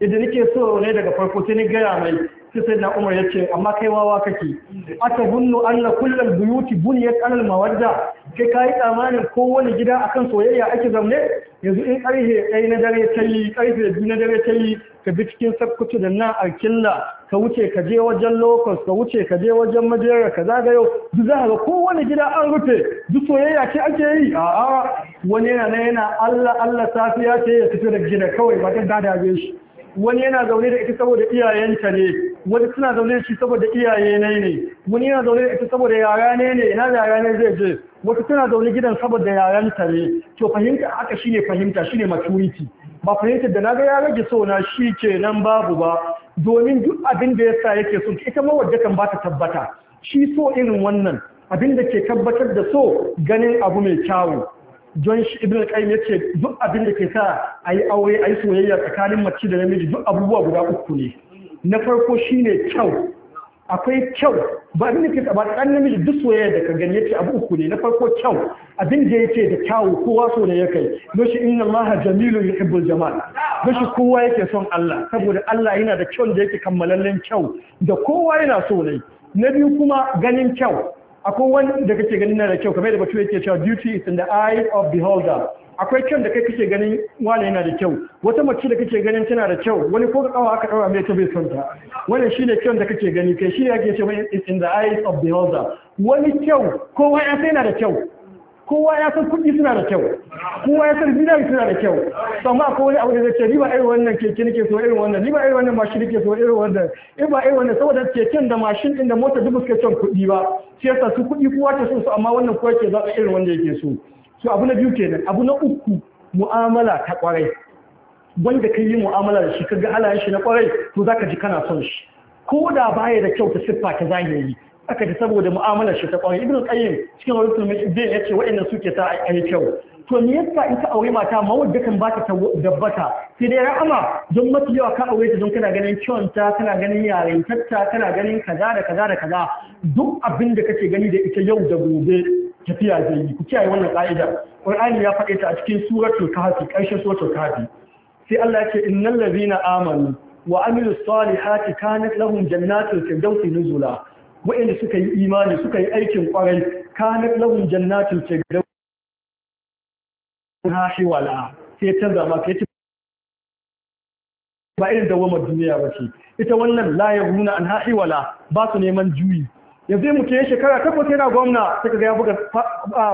yadda nake so ne daga farko sai ni gaya mai sai sai na Umar ya ce amma kai wawa kake aka gunnu anna kullal buyuti buniyat alal mawadda kai ka yi tsamanin kowane gida akan soyayya ake zaune yanzu in karfe ɗaya na dare ta yi karfe biyu na dare ta yi ka bi cikin sakkutu da na alkilla ka wuce ka je wajen locus ka wuce ka je wajen majera ka zagayo duk za ka ga kowane gida an rufe duk soyayya ce ake yi a'a wani yana na yana Allah Allah safiya ce ya fito da gida kawai ba ta dadabe shi wani yana zaune da ita saboda iyayenta ne wani suna zaune da shi saboda iyaye ne ne wani yana zaune da ita saboda yara ne ne ina da yara ne zai je wata suna zaune gidan saboda yaran ta ne to fahimta haka shine fahimta shine maturity ba fahimtar da naga ya rage so na shi nan babu ba domin duk abin da yasa yake so ita ma wadda kan ba ta tabbata shi so irin wannan abin da ke tabbatar da so ganin abu mai kyawu John Ibn al-Qarni Qayyim yace duk abin da ke sa ayi aure ayi soyayya tsakanin mace da namiji duk abubuwa guda uku ne na farko shine kyau akwai kyau ba abin da ke ba ɗan namiji duk soyayya da ka gani yace abu uku ne na farko kyau abin da yake da kyau kowa so ne yake loshi inna allaha jamilun yuhibbul jamal loshi kowa yake son Allah saboda Allah yana da kyau da yake kammalallen kyau da kowa yana so ne na biyu kuma ganin kyau akwai wani da kake ganin na da kyau kamar da batu yake cewa duty is in the eye of beholder akwai kyan da kai kake ganin wani yana da kyau wata mace da kake ganin tana da kyau wani ko ka kawo aka daura mai ta bai son ta wannan shine kyan da kake gani kai shine ake cewa it's in the eyes of the beholder wani kyau kowa ya sai yana da kyau kowa ya san kuɗi suna da kyau kowa ya san zinari suna da kyau amma akwai wani abu da zai ce ni ba irin wannan keke nake so irin wannan ni ba irin wannan mashin nake so irin wannan in ba irin wannan saboda keken da mashin din da mota duk suke son kuɗi ba shi yasa su kuɗi kowa ke son su amma wannan kowa ke zaɓa irin wanda yake so so abu na biyu kenan abu na uku mu'amala ta kwarai wanda ka yi mu'amala da shi ka ga halayen shi na kwarai to zaka ji kana son shi ko da baya da kyau ta siffa ta zahiri aka ji saboda mu'amalar shi ta kwarai ibnu qayyim cikin rawatul ya yace wa'annan suke ta ayi kyau to me yasa in ka aure mata mawadda kan baka dabbata sai dai ra'ama don mafi yawa ka aure ta don kana ganin ta kana ganin yarintarta kana ganin kaza da kaza da kaza duk abin da kake gani da ita yau da gobe tafiya zai yi ku kiyaye wannan ka'ida qur'ani ya faɗe ta a cikin suratul kahfi ƙarshen suratul kahfi sai Allah yake in innal ladzina amanu wa amilu salihati kanat lahum jannatul firdausi nuzula wa'inda suka yi imani suka yi aikin kwarai kanat lahum jannatul firdausi ha shi wala sai canza maka yace ba irin dawamar duniya ba ce ita wannan la yaruna an ha'i wala ba su neman juyi yanzu mutu ya shekara takwas yana gwamna ta kaga ya buga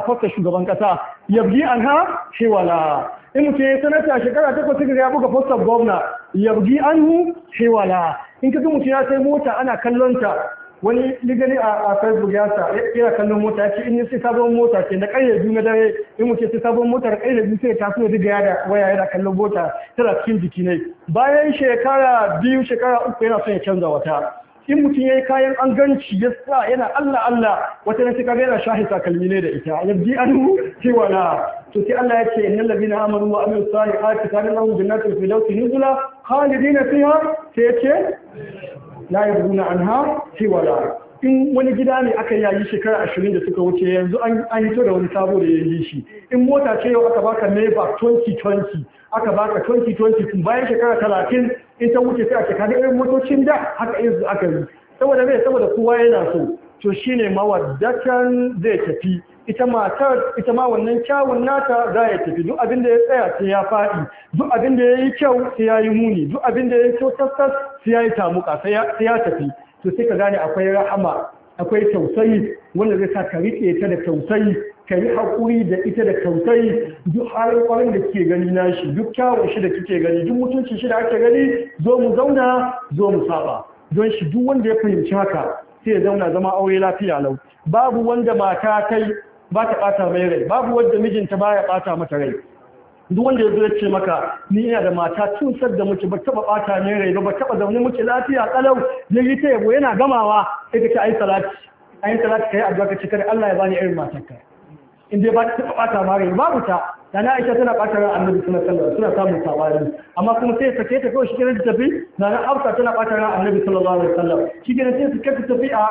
fasta shugaban kasa yabgi anha shi wala in mutu ya sanata shekara takwas ta kaga ya buga fasta gwamna yabgi anhu shi wala in kaga mutu ya sai mota ana kallon ta wani ligani a facebook ya sa yana kallon mota ya ce in yi sabon mota ce na ƙarfe biyu na dare in ya sai sabon mota da ƙarfe biyu sai taso daga da waya yana kallon mota tana cikin jiki ne bayan shekara biyu shekara uku yana son ya canza wata in mutum ya yi kayan an ganci ya sa yana Allah Allah wata na kaga yana shahin takalmi ne da ita yabdi anhu cewa na to Allah ya ce innal ladina amanu wa amilus salihati kana lahum jannatul firdausi nuzula khalidina fiha sai ce la yabuna anha siwala in wani gida ne aka yayi shekara ashirin da suka wuce yanzu an yi to da wani sabo da ya yi shi in mota ce yau aka baka neva 2020 aka ba baka 2022 bayan shekara talatin in ta wuce sai a shekara irin motocin da haka yanzu aka yi saboda mai saboda kowa yana so to shi shine mawaddatan zai tafi ita matar ita ma wannan kyawun nata za ya tafi duk abin da ya tsaya sai ya faɗi duk abin da ya yi kyau sai ya yi muni duk abin da ya yi kyau sai ya yi tamuka sai ya tafi to sai ka gane akwai rahama akwai tausayi wanda zai sa ka riƙe ta da tausayi ka yi haƙuri da ita da tausayi duk halin ƙwarin da kike gani na shi, duk kyawun shi da kike gani duk mutuncin shi da ake gani zo mu zauna zo mu saba don shi duk wanda ya fahimci haka sai ya zauna zama aure lafiya lau babu wanda mata kai ba ta ɓata mai rai babu wanda mijinta baya ɓata mata rai duk wanda ya zo ya ce maka ni ina da mata tun sadda muke ba taba bata ne rai ba taba zaune muke lafiya kalau ya yi ta yabo yana gamawa sai ka ce ai salati ai salati kai addu'a ka ce kare Allah ya bani irin matar ka in dai ba ta taba bata ma rai babu ta dana Aisha tana bata ran Annabi sallallahu alaihi wasallam suna samun tawari amma kuma sai ta ce ta kawai shi kenan tafi dana Hafsa tana bata ran Annabi sallallahu alaihi wasallam shi kenan sai ta kai tafi a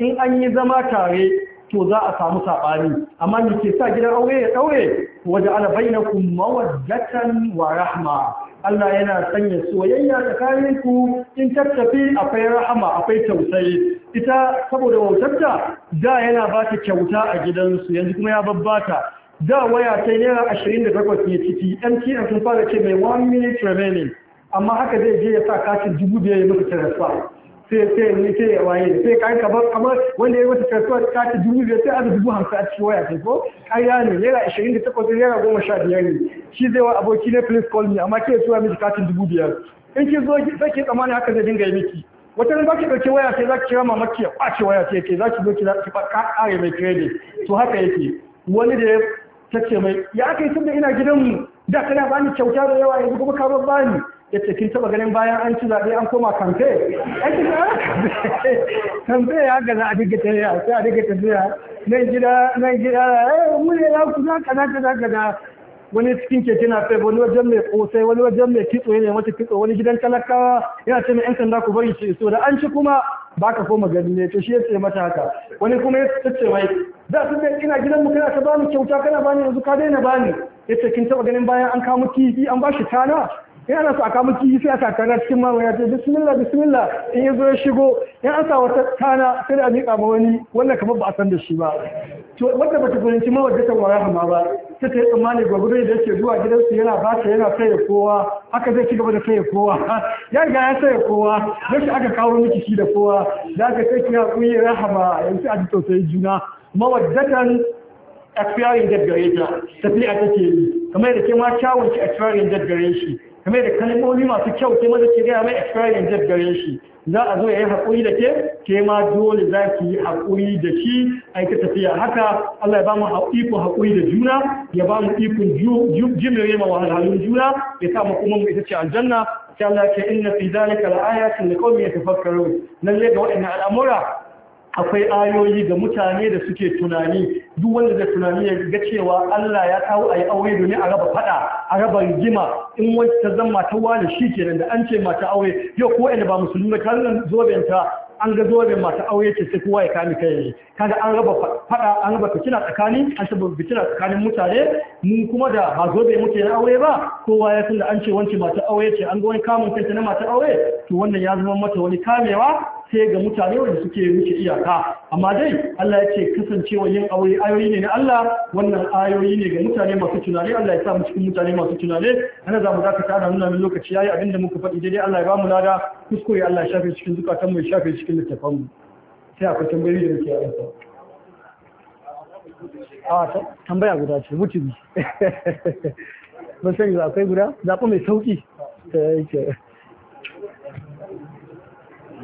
in an yi zama tare to za a samu saɓani amma ni ke sa gidan aure ya ɗaure waje ala bainakum mawaddatan wa rahma Allah yana sanya soyayya tsakanin ku in tattafi akwai rahama akwai tausayi ita saboda wautarta da yana ba ta kyauta a gidansu yanzu kuma ya babbata da waya ta naira ashirin da takwas ne ciki mtn sun fara ce mai one minute remaining amma haka zai je ya sa katin dubu biyar ya maka tarasa sai sai ni sai ya waye sai kai kamar kamar wanda yayi wata kasuwa ta ta dubu biyar sai aka dubu hamsin a cikin waya ce ko Kariya ne naira ashirin da takwas naira goma sha biyar ne shi zai wa aboki ne please call me amma ke tura miki katin dubu biyar in ki zo sai ki tsammani haka zai dinga yi miki wata ba ki dauki waya sai zaki kira mamaki ya kwace waya sai ke ki zo ki zaki fa kare mai credit to haka yake wani da ya tace mai ya aka yi tunda ina gidanmu da kana bani kyauta da yawa yanzu kuma ka bani ya ce kin taba ganin bayan an ci zaɓe an koma kamfe ah, kamfe ya gaza a diga tafiya sai a diga tafiya nan gida nan gida eh, mune ya kuna kaza kaza kaza wani cikin keke na fai wani wajen mai kosai wani wajen mai kitso ne mata kitso wani gidan talakawa yana ce mai yan sanda ku bari shi so da an ci kuma ba ka koma gari ne to shi ya ce mata haka wani kuma ya ce mai za su ga ina gidan mu kana ta bani kyauta kana bani yanzu ka daina bani yace kin taba ganin bayan an kawo kifi an bashi tana in ana so a kama kifi sai a sa kana cikin mamaye ya ce bismillah bismillah in ya zo ya shigo in an sa wata tana sai a miƙa ma wani wannan kamar ba a san da shi ba to wanda bata gurin ma wadda ta wara hama ba ta ta yi tsammani gwagwaro da yake zuwa gidansu yana ba ta yana saye kowa haka zai ci gaba da saye kowa ya riga ya saye kowa shi aka kawo miki shi da kowa da aka sai kina kuyi rahama yanzu a ji tausayi juna mawaddatan expiring date ta tafiya take yi kamar da ke ma kyawun ki expiring date gare shi kamar da kalmomi masu kyau ke maza ke gaya mai experience jet gare shi za a zo ya yi haƙuri da ke ke ma dole za ki yi haƙuri da shi a yi tafiya haka Allah ya ba mu ikon haƙuri da juna ya ba mu ikon jimiri ma wahalhalun juna ya sa mu kuma mu ita ce aljanna sai Allah ya ce inna fi zalika la'ayatin liqaumin yatafakkarun lalle ga waɗannan al'amura akwai ayoyi ga mutane da suke tunani duk wanda da tunani ya ga cewa Allah ya kawo ayi aure domin a raba fada a raba rigima in wacce ta zama ta wani shikenan da an ce mata aure yau ko inda ba musulmi ba kallon ta an ga zoben mata aure ce sai kowa ya kame kai ne kaga an raba fada an raba fitina tsakani an saba fitina tsakanin mutane mun kuma da ba zobe muke na aure ba kowa ya san da an ce wance mata aure ce an ga wani kamun kanta na mata aure to wannan ya zama mata wani kamewa sai ga mutane wanda suke muke iyaka amma dai Allah ya ce kasancewa yin aure ayoyi ne na Allah wannan ayoyi ne ga mutane masu tunani Allah ya sa mu cikin mutane masu tunani ana za mu zaka tada nuna min lokaci yayi abinda muka faɗi daidai Allah ya ba mu lada kuskure Allah ya shafe cikin zukatan mu ya shafe cikin littafan mu sai akwai tambayoyi da muke amsa ah, a tambaya guda ce mutum ba san ba akwai guda zaɓi mai sauƙi ta eh, yake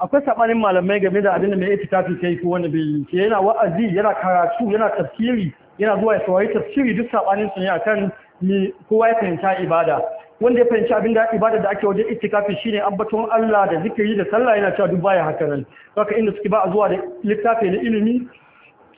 akwai saɓanin malamai game da abin da mai itikafi kai ko wani bai yi yana wa'azi yana karatu yana tafsiri yana zuwa ya saurari tafsiri duk sabanin su ne akan ni kowa ya fahimta ibada wanda ya fahimci abin da ibada da ake wajen itikafi shine ambaton Allah da zikiri da sallah yana cewa duk baya haka nan haka inda suke ba a zuwa da littafi na ilimi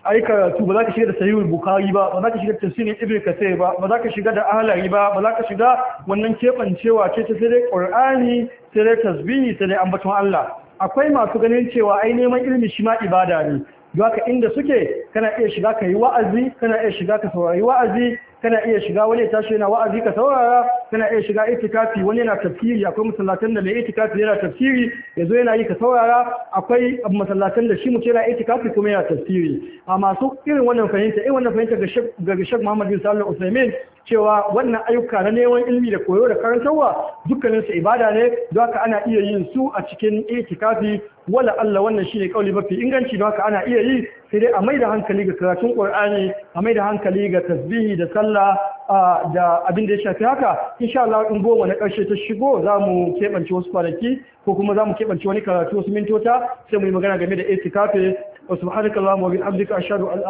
ai karatu ba za ka shiga da sahihul bukari ba ba za ka shiga da tafsirin ibn kasir ba ba za ka shiga da ahlari ba ba za ka shiga wannan kebancewa ce ta sai dai qur'ani sai dai tasbihi sai dai ambaton Allah akwai masu ganin cewa ai neman ilimi shi ma ibada ne haka inda suke kana iya shiga ka yi wa'azi kana iya shiga ka saurari wa'azi kana iya shiga wani tashi yana wa'azi ka saurara kana iya shiga itikafi wani yana tafsiri akwai masallatan da mai itikafi yana tafsiri yazo yana yi ka saurara akwai masallatan da shi mu yana itikafi kuma yana tafsiri a masu irin wannan fahimta irin wannan fahimta ga Sheikh Muhammad bin Salman Usaimin cewa wannan ayyuka na neman ilimi da koyo da karantarwa dukkaninsu ibada ne don haka ana iya yin su a cikin itikafi wala Allah wannan shine kauli mafi inganci don haka ana iya yi sai dai a mai da hankali ga karatun Qur'ani a mai da hankali ga tasbihi da sallah da abin da ya shafi haka insha Allah in goma na karshe ta shigo zamu mu keɓance wasu kwanaki ko kuma za mu keɓance wani karatu wasu mintota sai mu yi magana game da itikafi wa subhanakallahumma wa bihamdika ashhadu an